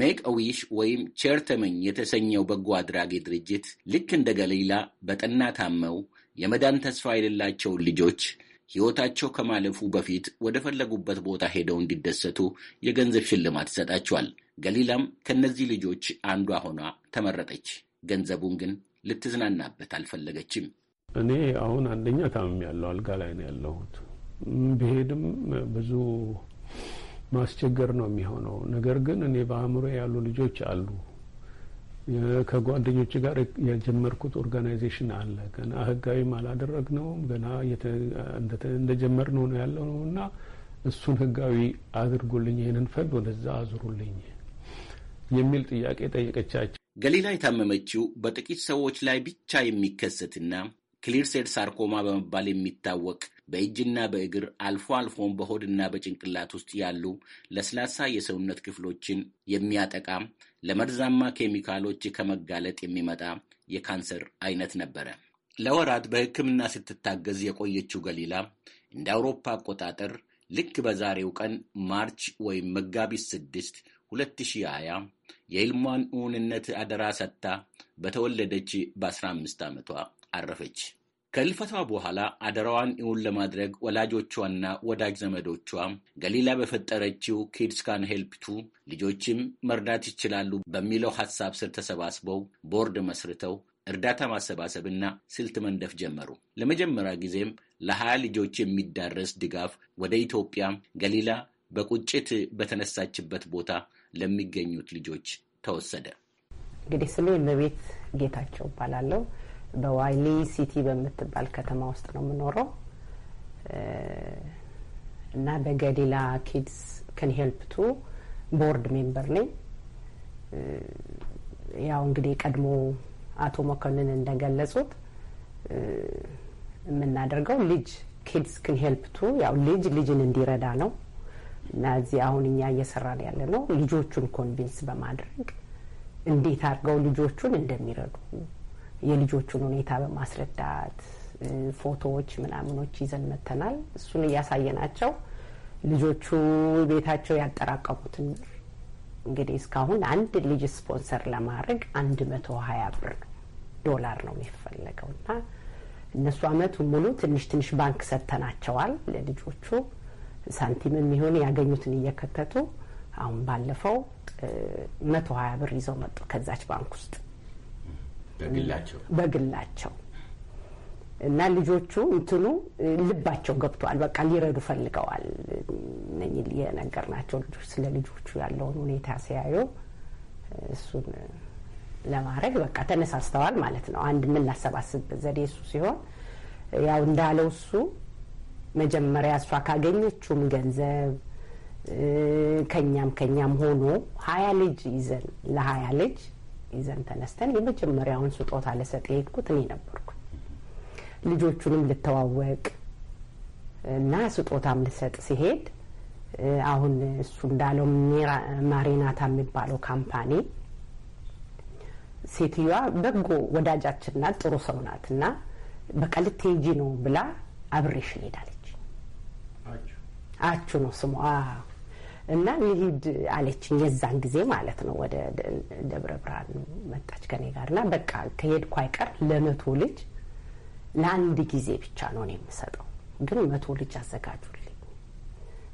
ሜክ ዊሽ ወይም ቼር ተመኝ የተሰኘው በጎ አድራጊ ድርጅት ልክ እንደ ገሊላ በጠና ታመው የመዳን ተስፋ የሌላቸውን ልጆች ሕይወታቸው ከማለፉ በፊት ወደ ፈለጉበት ቦታ ሄደው እንዲደሰቱ የገንዘብ ሽልማት ይሰጣቸዋል። ገሊላም ከእነዚህ ልጆች አንዷ ሆኗ ተመረጠች። ገንዘቡን ግን ልትዝናናበት አልፈለገችም። እኔ አሁን አንደኛ ታምም ያለው አልጋ ላይ ነው ያለሁት። ብሄድም ብዙ ማስቸገር ነው የሚሆነው። ነገር ግን እኔ በአእምሮ ያሉ ልጆች አሉ ከጓደኞች ጋር የጀመርኩት ኦርጋናይዜሽን አለ። ገና ህጋዊም አላደረግነውም። ገና እንደጀመር ነው ነው ያለው ነው እና እሱን ህጋዊ አድርጎልኝ ይህንን ፈንድ ወደዛ አዙሩልኝ የሚል ጥያቄ ጠየቀቻቸው። ገሊላ የታመመችው በጥቂት ሰዎች ላይ ብቻ የሚከሰትና ክሊር ሴል ሳርኮማ በመባል የሚታወቅ በእጅና በእግር አልፎ አልፎም በሆድና በጭንቅላት ውስጥ ያሉ ለስላሳ የሰውነት ክፍሎችን የሚያጠቃ ለመርዛማ ኬሚካሎች ከመጋለጥ የሚመጣ የካንሰር አይነት ነበረ። ለወራት በሕክምና ስትታገዝ የቆየችው ገሊላ እንደ አውሮፓ አቆጣጠር ልክ በዛሬው ቀን ማርች ወይም መጋቢት 6 2020 የሕልሟን እውንነት አደራ ሰጥታ በተወለደች በ15 ዓመቷ አረፈች። ከልፈቷ በኋላ አደራዋን ይሁን ለማድረግ ወላጆቿና ወዳጅ ዘመዶቿ ገሊላ በፈጠረችው ኪድስ ካን ሄልፕ ቱ ልጆችም መርዳት ይችላሉ በሚለው ሀሳብ ስር ተሰባስበው ቦርድ መስርተው እርዳታ ማሰባሰብና ስልት መንደፍ ጀመሩ። ለመጀመሪያ ጊዜም ለሀያ ልጆች የሚዳረስ ድጋፍ ወደ ኢትዮጵያ ገሊላ በቁጭት በተነሳችበት ቦታ ለሚገኙት ልጆች ተወሰደ። እንግዲህ ስሜ እመቤት ጌታቸው እባላለሁ። በዋይሊ ሲቲ በምትባል ከተማ ውስጥ ነው የምኖረው እና በገዲላ ኪድስ ከን ሄልፕቱ ቦርድ ሜምበር ነኝ። ያው እንግዲህ ቀድሞ አቶ መኮንን እንደገለጹት የምናደርገው ልጅ ኪድስ ክን ሄልፕቱ ያው ልጅ ልጅን እንዲረዳ ነው እና እዚህ አሁን እኛ እየሰራን ያለ ነው ልጆቹን ኮንቪንስ በማድረግ እንዴት አድርገው ልጆቹን እንደሚረዱ የልጆቹን ሁኔታ በማስረዳት ፎቶዎች ምናምኖች ይዘን መተናል። እሱን እያሳየናቸው ልጆቹ ቤታቸው ያጠራቀሙትን ብር እንግዲህ እስካሁን አንድ ልጅ ስፖንሰር ለማድረግ አንድ መቶ ሀያ ብር ዶላር ነው የሚፈለገው እና እነሱ አመቱ ሙሉ ትንሽ ትንሽ ባንክ ሰጥተናቸዋል ለልጆቹ ሳንቲም የሚሆን ያገኙትን እየከተቱ አሁን ባለፈው መቶ ሀያ ብር ይዘው መጡ ከዛች ባንክ ውስጥ በግላቸው እና ልጆቹ እንትኑ ልባቸው ገብተዋል። በቃ ሊረዱ ፈልገዋል። እነኝህ የነገርናቸው ልጆች ስለ ልጆቹ ያለውን ሁኔታ ሲያዩ እሱን ለማድረግ በቃ ተነሳስተዋል ማለት ነው። አንድ የምናሰባስብበት ዘዴ እሱ ሲሆን ያው እንዳለው እሱ መጀመሪያ እሷ ካገኘችውም ገንዘብ ከኛም ከኛም ሆኖ ሀያ ልጅ ይዘን ለሀያ ልጅ ይዘን ተነስተን የመጀመሪያውን ስጦታ ልሰጥ የሄድኩት እኔ ነበርኩ። ልጆቹንም ልተዋወቅ እና ስጦታም ልሰጥ ሲሄድ አሁን እሱ እንዳለው ማሪናታ የሚባለው ካምፓኒ ሴትዮዋ በጎ ወዳጃችን ናት፣ ጥሩ ሰው ናት እና በቃ ልትሄጂ ነው ብላ አብሬሽ እንሄዳለች። አቹ ነው ስሟ። እና ልሂድ አለችኝ። የዛን ጊዜ ማለት ነው ወደ ደብረ ብርሃን መጣች ከኔ ጋር እና በቃ ከሄድኩ አይቀር ለመቶ ልጅ ለአንድ ጊዜ ብቻ ነው እኔ የምሰጠው፣ ግን መቶ ልጅ አዘጋጁልኝ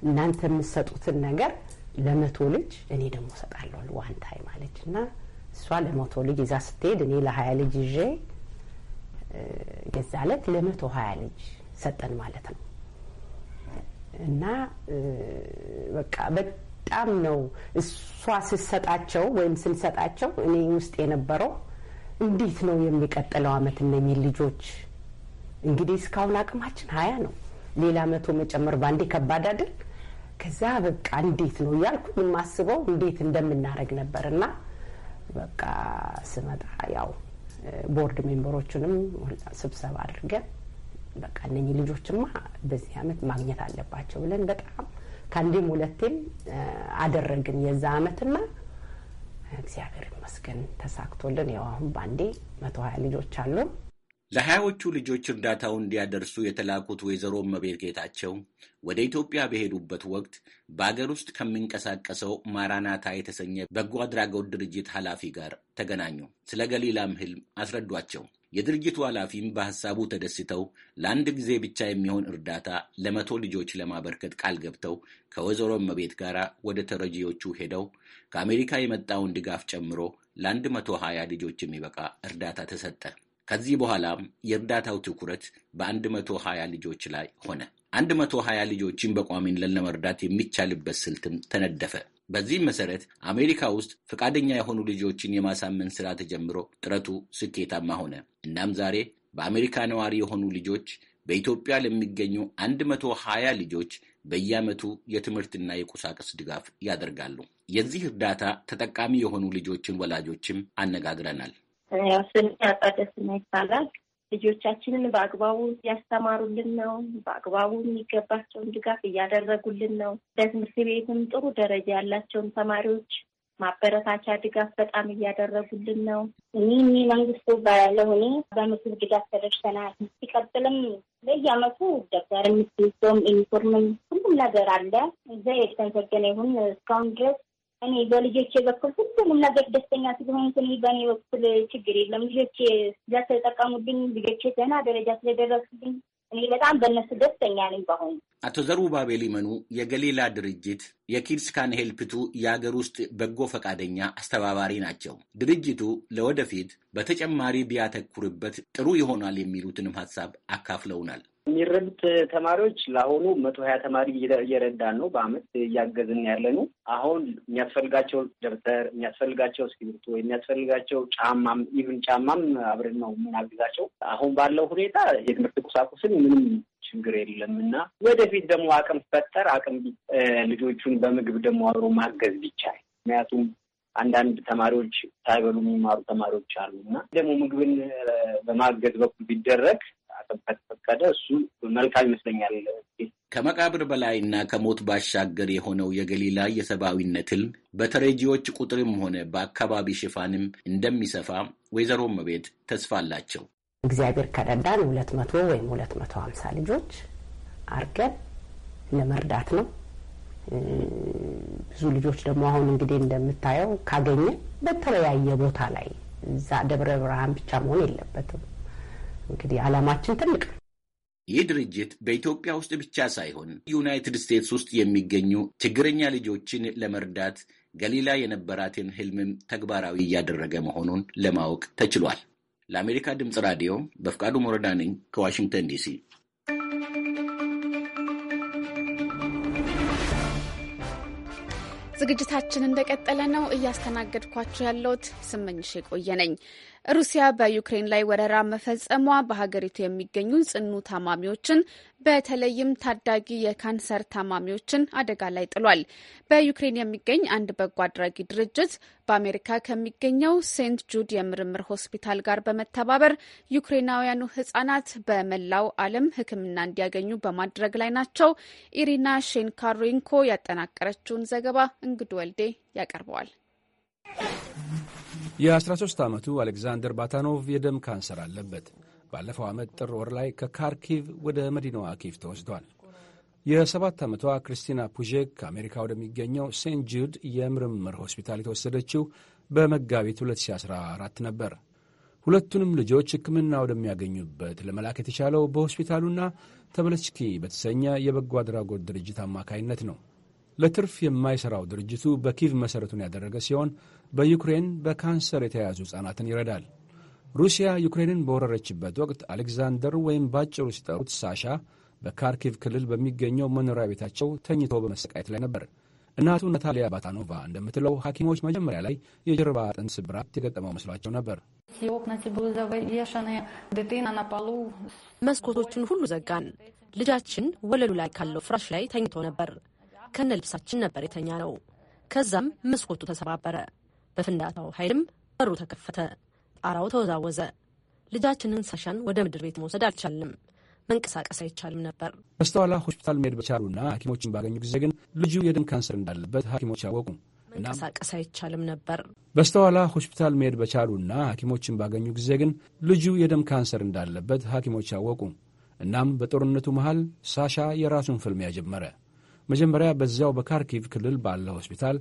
እናንተ የምሰጡትን ነገር ለመቶ ልጅ እኔ ደግሞ እሰጣለሁ ዋን ታይም አለች እና እሷ ለመቶ ልጅ ይዛ ስትሄድ እኔ ለሀያ ልጅ ይዤ የዛ ዕለት ለመቶ ሀያ ልጅ ሰጠን ማለት ነው። እና በቃ በጣም ነው እሷ ስሰጣቸው ወይም ስንሰጣቸው እኔ ውስጥ የነበረው እንዴት ነው የሚቀጥለው አመት እነኚህ ልጆች እንግዲህ እስካሁን አቅማችን ሀያ ነው። ሌላ መቶ መጨመር ባንዴ ከባድ አይደል? ከዛ በቃ እንዴት ነው እያልኩ የማስበው እንዴት እንደምናደርግ ነበር እና በቃ ስመጣ ያው ቦርድ ሜምበሮቹንም ስብሰባ አድርገን በቃ እነኚህ ልጆችማ በዚህ አመት ማግኘት አለባቸው ብለን በጣም ከአንዴም ሁለቴም አደረግን የዛ አመትና እግዚአብሔር ይመስገን ተሳክቶልን ያው አሁን በአንዴ መቶ ሀያ ልጆች አሉ። ለሀያዎቹ ልጆች እርዳታው እንዲያደርሱ የተላኩት ወይዘሮ እመቤት ጌታቸው ወደ ኢትዮጵያ በሄዱበት ወቅት በአገር ውስጥ ከሚንቀሳቀሰው ማራናታ የተሰኘ በጎ አድራጎት ድርጅት ኃላፊ ጋር ተገናኙ። ስለ ገሊላም ህልም አስረዷቸው። የድርጅቱ ኃላፊም በሐሳቡ ተደስተው ለአንድ ጊዜ ብቻ የሚሆን እርዳታ ለመቶ ልጆች ለማበርከት ቃል ገብተው ከወይዘሮ እመቤት ጋር ወደ ተረጂዎቹ ሄደው ከአሜሪካ የመጣውን ድጋፍ ጨምሮ ለአንድ መቶ ሀያ ልጆች የሚበቃ እርዳታ ተሰጠ። ከዚህ በኋላም የእርዳታው ትኩረት በአንድ መቶ ሀያ ልጆች ላይ ሆነ። 120 ልጆችን በቋሚነት ለመርዳት የሚቻልበት ስልትም ተነደፈ። በዚህም መሰረት አሜሪካ ውስጥ ፈቃደኛ የሆኑ ልጆችን የማሳመን ስራ ተጀምሮ ጥረቱ ስኬታማ ሆነ። እናም ዛሬ በአሜሪካ ነዋሪ የሆኑ ልጆች በኢትዮጵያ ለሚገኙ 120 ልጆች በየዓመቱ የትምህርትና የቁሳቁስ ድጋፍ ያደርጋሉ። የዚህ እርዳታ ተጠቃሚ የሆኑ ልጆችን ወላጆችም አነጋግረናል። ስሜ አባደስና ይባላል። ልጆቻችንን በአግባቡ እያስተማሩልን ነው። በአግባቡ የሚገባቸውን ድጋፍ እያደረጉልን ነው። ለትምህርት ቤትም ጥሩ ደረጃ ያላቸውን ተማሪዎች ማበረታቻ ድጋፍ በጣም እያደረጉልን ነው። ሚኒ መንግስቱ ባለሆኔ በምግብ ድጋፍ ተደርሰናል። ሲቀጥልም በየአመቱ ደብተር የሚስም ዩኒፎርም ሁሉም ነገር አለ። እዛ የተመሰገነ ይሁን እስካሁን ድረስ እኔ በልጆቼ በኩል ሁሉም ነገር ደስተኛ ስለሆኑ እኔ በእኔ በኩል ችግር የለም። ልጆቼ ስለተጠቀሙብኝ፣ ልጆቼ ደህና ደረጃ ስለደረሱብኝ እኔ በጣም በእነሱ ደስተኛ ነኝ። በአሁኑ አቶ ዘሩባቤ ሊመኑ የገሊላ ድርጅት የኪድስ ካን ሄልፕቱ የአገር ውስጥ በጎ ፈቃደኛ አስተባባሪ ናቸው። ድርጅቱ ለወደፊት በተጨማሪ ቢያተኩርበት ጥሩ ይሆናል የሚሉትንም ሀሳብ አካፍለውናል። የሚረዱት ተማሪዎች ለአሁኑ መቶ ሀያ ተማሪ እየረዳን ነው። በአመት እያገዝን ያለ ነው። አሁን የሚያስፈልጋቸው ደብተር፣ የሚያስፈልጋቸው እስክሪብቶ፣ የሚያስፈልጋቸው ጫማም ኢቭን ጫማም አብረን ነው የምናግዛቸው። አሁን ባለው ሁኔታ የትምህርት ቁሳቁስን ምንም ችግር የለም እና ወደፊት ደግሞ አቅም ፈጠር አቅም ልጆቹን በምግብ ደግሞ አብሮ ማገዝ ቢቻል ምክንያቱም አንዳንድ ተማሪዎች ሳይበሉ የሚማሩ ተማሪዎች አሉ እና ደግሞ ምግብን በማገዝ በኩል ቢደረግ ከተፈቀደ እሱ መልካም ይመስለኛል። ከመቃብር በላይ እና ከሞት ባሻገር የሆነው የገሊላ የሰብአዊነት ሕልም በተረጂዎች ቁጥርም ሆነ በአካባቢ ሽፋንም እንደሚሰፋ ወይዘሮ መቤት ተስፋ አላቸው። እግዚአብሔር ከረዳን ሁለት መቶ ወይም ሁለት መቶ ሀምሳ ልጆች አርገን ለመርዳት ነው ብዙ ልጆች ደግሞ አሁን እንግዲህ እንደምታየው ካገኘ በተለያየ ቦታ ላይ እዛ ደብረ ብርሃን ብቻ መሆን የለበትም። እንግዲህ አላማችን ትልቅ ነው። ይህ ድርጅት በኢትዮጵያ ውስጥ ብቻ ሳይሆን ዩናይትድ ስቴትስ ውስጥ የሚገኙ ችግረኛ ልጆችን ለመርዳት ገሊላ የነበራትን ህልምም ተግባራዊ እያደረገ መሆኑን ለማወቅ ተችሏል። ለአሜሪካ ድምፅ ራዲዮ በፍቃዱ ሞረዳ ነኝ ከዋሽንግተን ዲሲ። ዝግጅታችን እንደቀጠለ ነው። እያስተናገድኳችሁ ያለሁት ስመኝሽ የቆየ ነኝ። ሩሲያ በዩክሬን ላይ ወረራ መፈጸሟ በሀገሪቱ የሚገኙ ጽኑ ታማሚዎችን በተለይም ታዳጊ የካንሰር ታማሚዎችን አደጋ ላይ ጥሏል። በዩክሬን የሚገኝ አንድ በጎ አድራጊ ድርጅት በአሜሪካ ከሚገኘው ሴንት ጁድ የምርምር ሆስፒታል ጋር በመተባበር ዩክሬናውያኑ ሕጻናት በመላው ዓለም ሕክምና እንዲያገኙ በማድረግ ላይ ናቸው። ኢሪና ሼንካሬንኮ ያጠናቀረችውን ዘገባ እንግዱ ወልዴ ያቀርበዋል። የ13 ዓመቱ አሌክዛንደር ባታኖቭ የደም ካንሰር አለበት። ባለፈው ዓመት ጥር ወር ላይ ከካርኪቭ ወደ መዲናዋ ኪቭ ተወስዷል። የሰባት ዓመቷ ክሪስቲና ፑዤክ ከአሜሪካ ወደሚገኘው ሴንት ጁድ የምርምር ሆስፒታል የተወሰደችው በመጋቢት 2014 ነበር። ሁለቱንም ልጆች ሕክምና ወደሚያገኙበት ለመላክ የተቻለው በሆስፒታሉና ተበለችኪ በተሰኘ የበጎ አድራጎት ድርጅት አማካይነት ነው። ለትርፍ የማይሠራው ድርጅቱ በኪቭ መሠረቱን ያደረገ ሲሆን በዩክሬን በካንሰር የተያዙ ሕፃናትን ይረዳል። ሩሲያ ዩክሬንን በወረረችበት ወቅት አሌክዛንደር ወይም ባጭሩ ሲጠሩት ሳሻ በካርኪቭ ክልል በሚገኘው መኖሪያ ቤታቸው ተኝቶ በመሰቃየት ላይ ነበር። እናቱ ናታሊያ ባታኖቫ እንደምትለው ሐኪሞች መጀመሪያ ላይ የጀርባ አጥንት ስብራት የገጠመው መስሏቸው ነበር። መስኮቶቹን ሁሉ ዘጋን። ልጃችን ወለሉ ላይ ካለው ፍራሽ ላይ ተኝቶ ነበር። ከነ ልብሳችን ነበር የተኛ ነው። ከዛም መስኮቱ ተሰባበረ። በፍንዳታው ኃይልም በሩ ተከፈተ፣ ጣራው ተወዛወዘ። ልጃችንን ሳሻን ወደ ምድር ቤት መውሰድ አልቻልንም። መንቀሳቀስ አይቻልም ነበር። በስተኋላ ሆስፒታል መሄድ በቻሉና ሐኪሞችን ባገኙ ጊዜ ግን ልጁ የደም ካንሰር እንዳለበት ሐኪሞች አወቁ። መንቀሳቀስ አይቻልም ነበር። በስተኋላ ሆስፒታል መሄድ በቻሉና ሐኪሞችን ባገኙ ጊዜ ግን ልጁ የደም ካንሰር እንዳለበት ሐኪሞች አወቁ። እናም በጦርነቱ መሃል ሳሻ የራሱን ፍልሚያ ጀመረ። መጀመሪያ በዚያው በካርኪቭ ክልል ባለ ሆስፒታል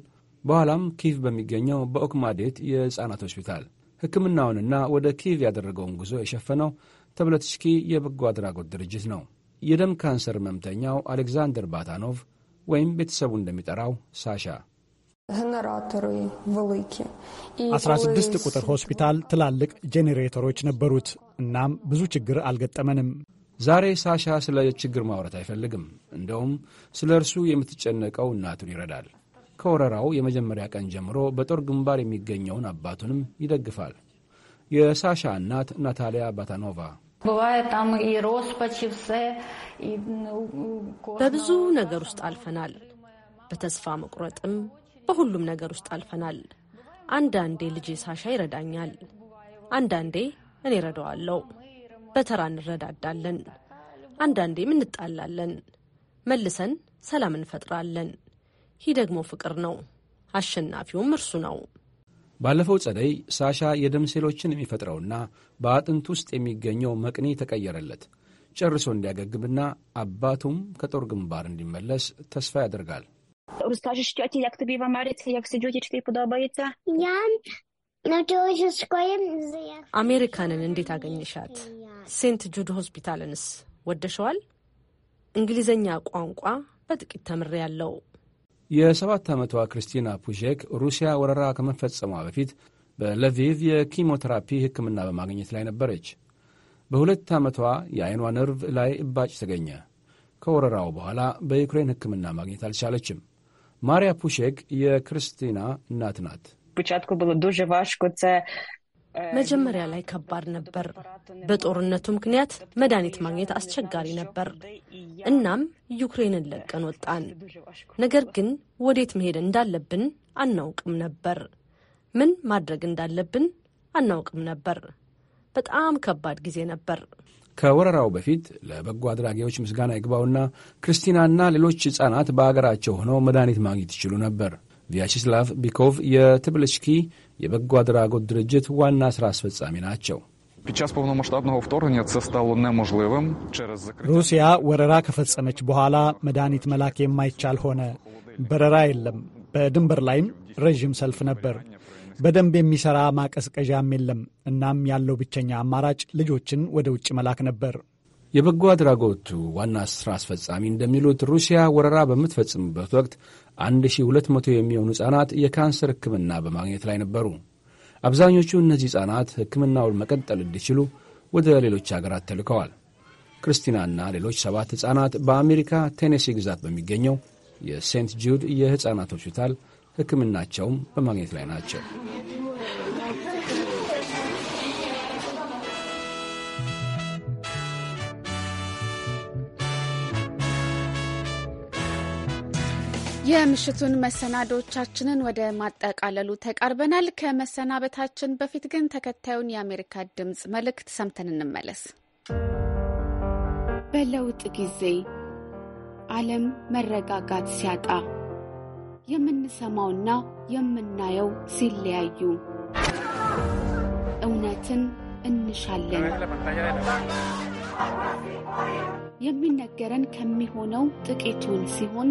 በኋላም ኪቭ በሚገኘው በኦክማዴት የሕፃናት ሆስፒታል ሕክምናውንና ወደ ኪቭ ያደረገውን ጉዞ የሸፈነው ተብለትሽኪ የበጎ አድራጎት ድርጅት ነው። የደም ካንሰር ሕመምተኛው አሌክዛንደር ባታኖቭ ወይም ቤተሰቡ እንደሚጠራው ሳሻ አስራ ስድስት ቁጥር ሆስፒታል ትላልቅ ጄኔሬተሮች ነበሩት። እናም ብዙ ችግር አልገጠመንም። ዛሬ ሳሻ ስለ ችግር ማውረት አይፈልግም። እንደውም ስለ እርሱ የምትጨነቀው እናቱን ይረዳል። ከወረራው የመጀመሪያ ቀን ጀምሮ በጦር ግንባር የሚገኘውን አባቱንም ይደግፋል። የሳሻ እናት ናታሊያ ባታኖቫ በብዙ ነገር ውስጥ አልፈናል። በተስፋ መቁረጥም በሁሉም ነገር ውስጥ አልፈናል። አንዳንዴ ልጄ ሳሻ ይረዳኛል፣ አንዳንዴ እኔ ረዳዋለሁ። በተራ እንረዳዳለን። አንዳንዴም እንጣላለን፣ መልሰን ሰላም እንፈጥራለን። ይህ ደግሞ ፍቅር ነው። አሸናፊውም እርሱ ነው። ባለፈው ጸደይ ሳሻ የደም ሴሎችን የሚፈጥረውና በአጥንት ውስጥ የሚገኘው መቅኔ ተቀየረለት። ጨርሶ እንዲያገግምና አባቱም ከጦር ግንባር እንዲመለስ ተስፋ ያደርጋል። አሜሪካንን እንዴት አገኘሻት? ሴንት ጁድ ሆስፒታልንስ ወደሸዋል? እንግሊዘኛ ቋንቋ በጥቂት ተምሬ ያለው የሰባት ዓመቷ ክርስቲና ፑሼክ ሩሲያ ወረራ ከመፈጸሟ በፊት በለቪቭ የኪሞቴራፒ ሕክምና በማግኘት ላይ ነበረች። በሁለት ዓመቷ የአይኗ ነርቭ ላይ እባጭ ተገኘ። ከወረራው በኋላ በዩክሬን ሕክምና ማግኘት አልቻለችም። ማሪያ ፑሼክ የክርስቲና እናት ናት። መጀመሪያ ላይ ከባድ ነበር። በጦርነቱ ምክንያት መድኃኒት ማግኘት አስቸጋሪ ነበር። እናም ዩክሬንን ለቀን ወጣን። ነገር ግን ወዴት መሄድ እንዳለብን አናውቅም ነበር። ምን ማድረግ እንዳለብን አናውቅም ነበር። በጣም ከባድ ጊዜ ነበር። ከወረራው በፊት ለበጎ አድራጊዎች ምስጋና ይግባውና ክርስቲናና ሌሎች ሕፃናት በአገራቸው ሆነው መድኃኒት ማግኘት ይችሉ ነበር። ቪያችስላቭ ቢኮቭ የትብልችኪ የበጎ አድራጎት ድርጅት ዋና ሥራ አስፈጻሚ ናቸው። ሩሲያ ወረራ ከፈጸመች በኋላ መድኃኒት መላክ የማይቻል ሆነ። በረራ የለም። በድንበር ላይም ረዥም ሰልፍ ነበር። በደንብ የሚሠራ ማቀዝቀዣም የለም። እናም ያለው ብቸኛ አማራጭ ልጆችን ወደ ውጭ መላክ ነበር። የበጎ አድራጎቱ ዋና ሥራ አስፈጻሚ እንደሚሉት ሩሲያ ወረራ በምትፈጽምበት ወቅት 1200 የሚሆኑ ሕፃናት የካንሰር ሕክምና በማግኘት ላይ ነበሩ። አብዛኞቹ እነዚህ ሕፃናት ሕክምናውን መቀጠል እንዲችሉ ወደ ሌሎች አገራት ተልከዋል። ክርስቲናና ሌሎች ሰባት ሕፃናት በአሜሪካ ቴኔሲ ግዛት በሚገኘው የሴንት ጁድ የሕፃናት ሆስፒታል ሕክምናቸውም በማግኘት ላይ ናቸው። የምሽቱን መሰናዶቻችንን ወደ ማጠቃለሉ ተቃርበናል። ከመሰናበታችን በፊት ግን ተከታዩን የአሜሪካ ድምፅ መልእክት ሰምተን እንመለስ። በለውጥ ጊዜ ዓለም መረጋጋት ሲያጣ የምንሰማውና የምናየው ሲለያዩ እውነትን እንሻለን። የሚነገረን ከሚሆነው ጥቂቱን ሲሆን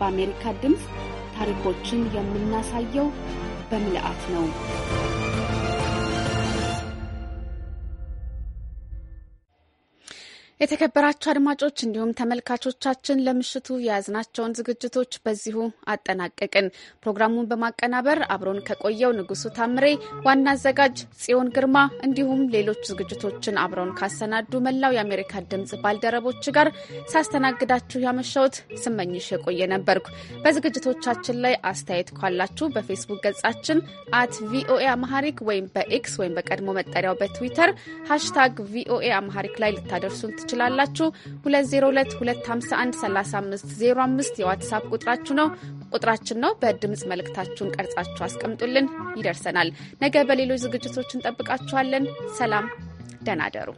በአሜሪካ ድምፅ ታሪኮችን የምናሳየው በምልአት ነው። የተከበራችሁ አድማጮች እንዲሁም ተመልካቾቻችን ለምሽቱ የያዝናቸውን ዝግጅቶች በዚሁ አጠናቀቅን። ፕሮግራሙን በማቀናበር አብሮን ከቆየው ንጉሱ ታምሬ፣ ዋና አዘጋጅ ጽዮን ግርማ እንዲሁም ሌሎች ዝግጅቶችን አብረውን ካሰናዱ መላው የአሜሪካ ድምጽ ባልደረቦች ጋር ሳስተናግዳችሁ ያመሻውት ስመኝሽ የቆየ ነበርኩ። በዝግጅቶቻችን ላይ አስተያየት ካላችሁ በፌስቡክ ገጻችን አት ቪኦኤ አማሐሪክ ወይም በኤክስ ወይም በቀድሞ መጠሪያው በትዊተር ሃሽታግ ቪኦኤ አማሐሪክ ላይ ልታደርሱን ትችላላችሁ። 2022513505 የዋትሳፕ ቁጥራችሁ ነው ቁጥራችን ነው። በድምፅ መልእክታችሁን ቀርጻችሁ አስቀምጡልን፣ ይደርሰናል። ነገ በሌሎች ዝግጅቶች እንጠብቃችኋለን። ሰላም፣ ደህና ደሩ።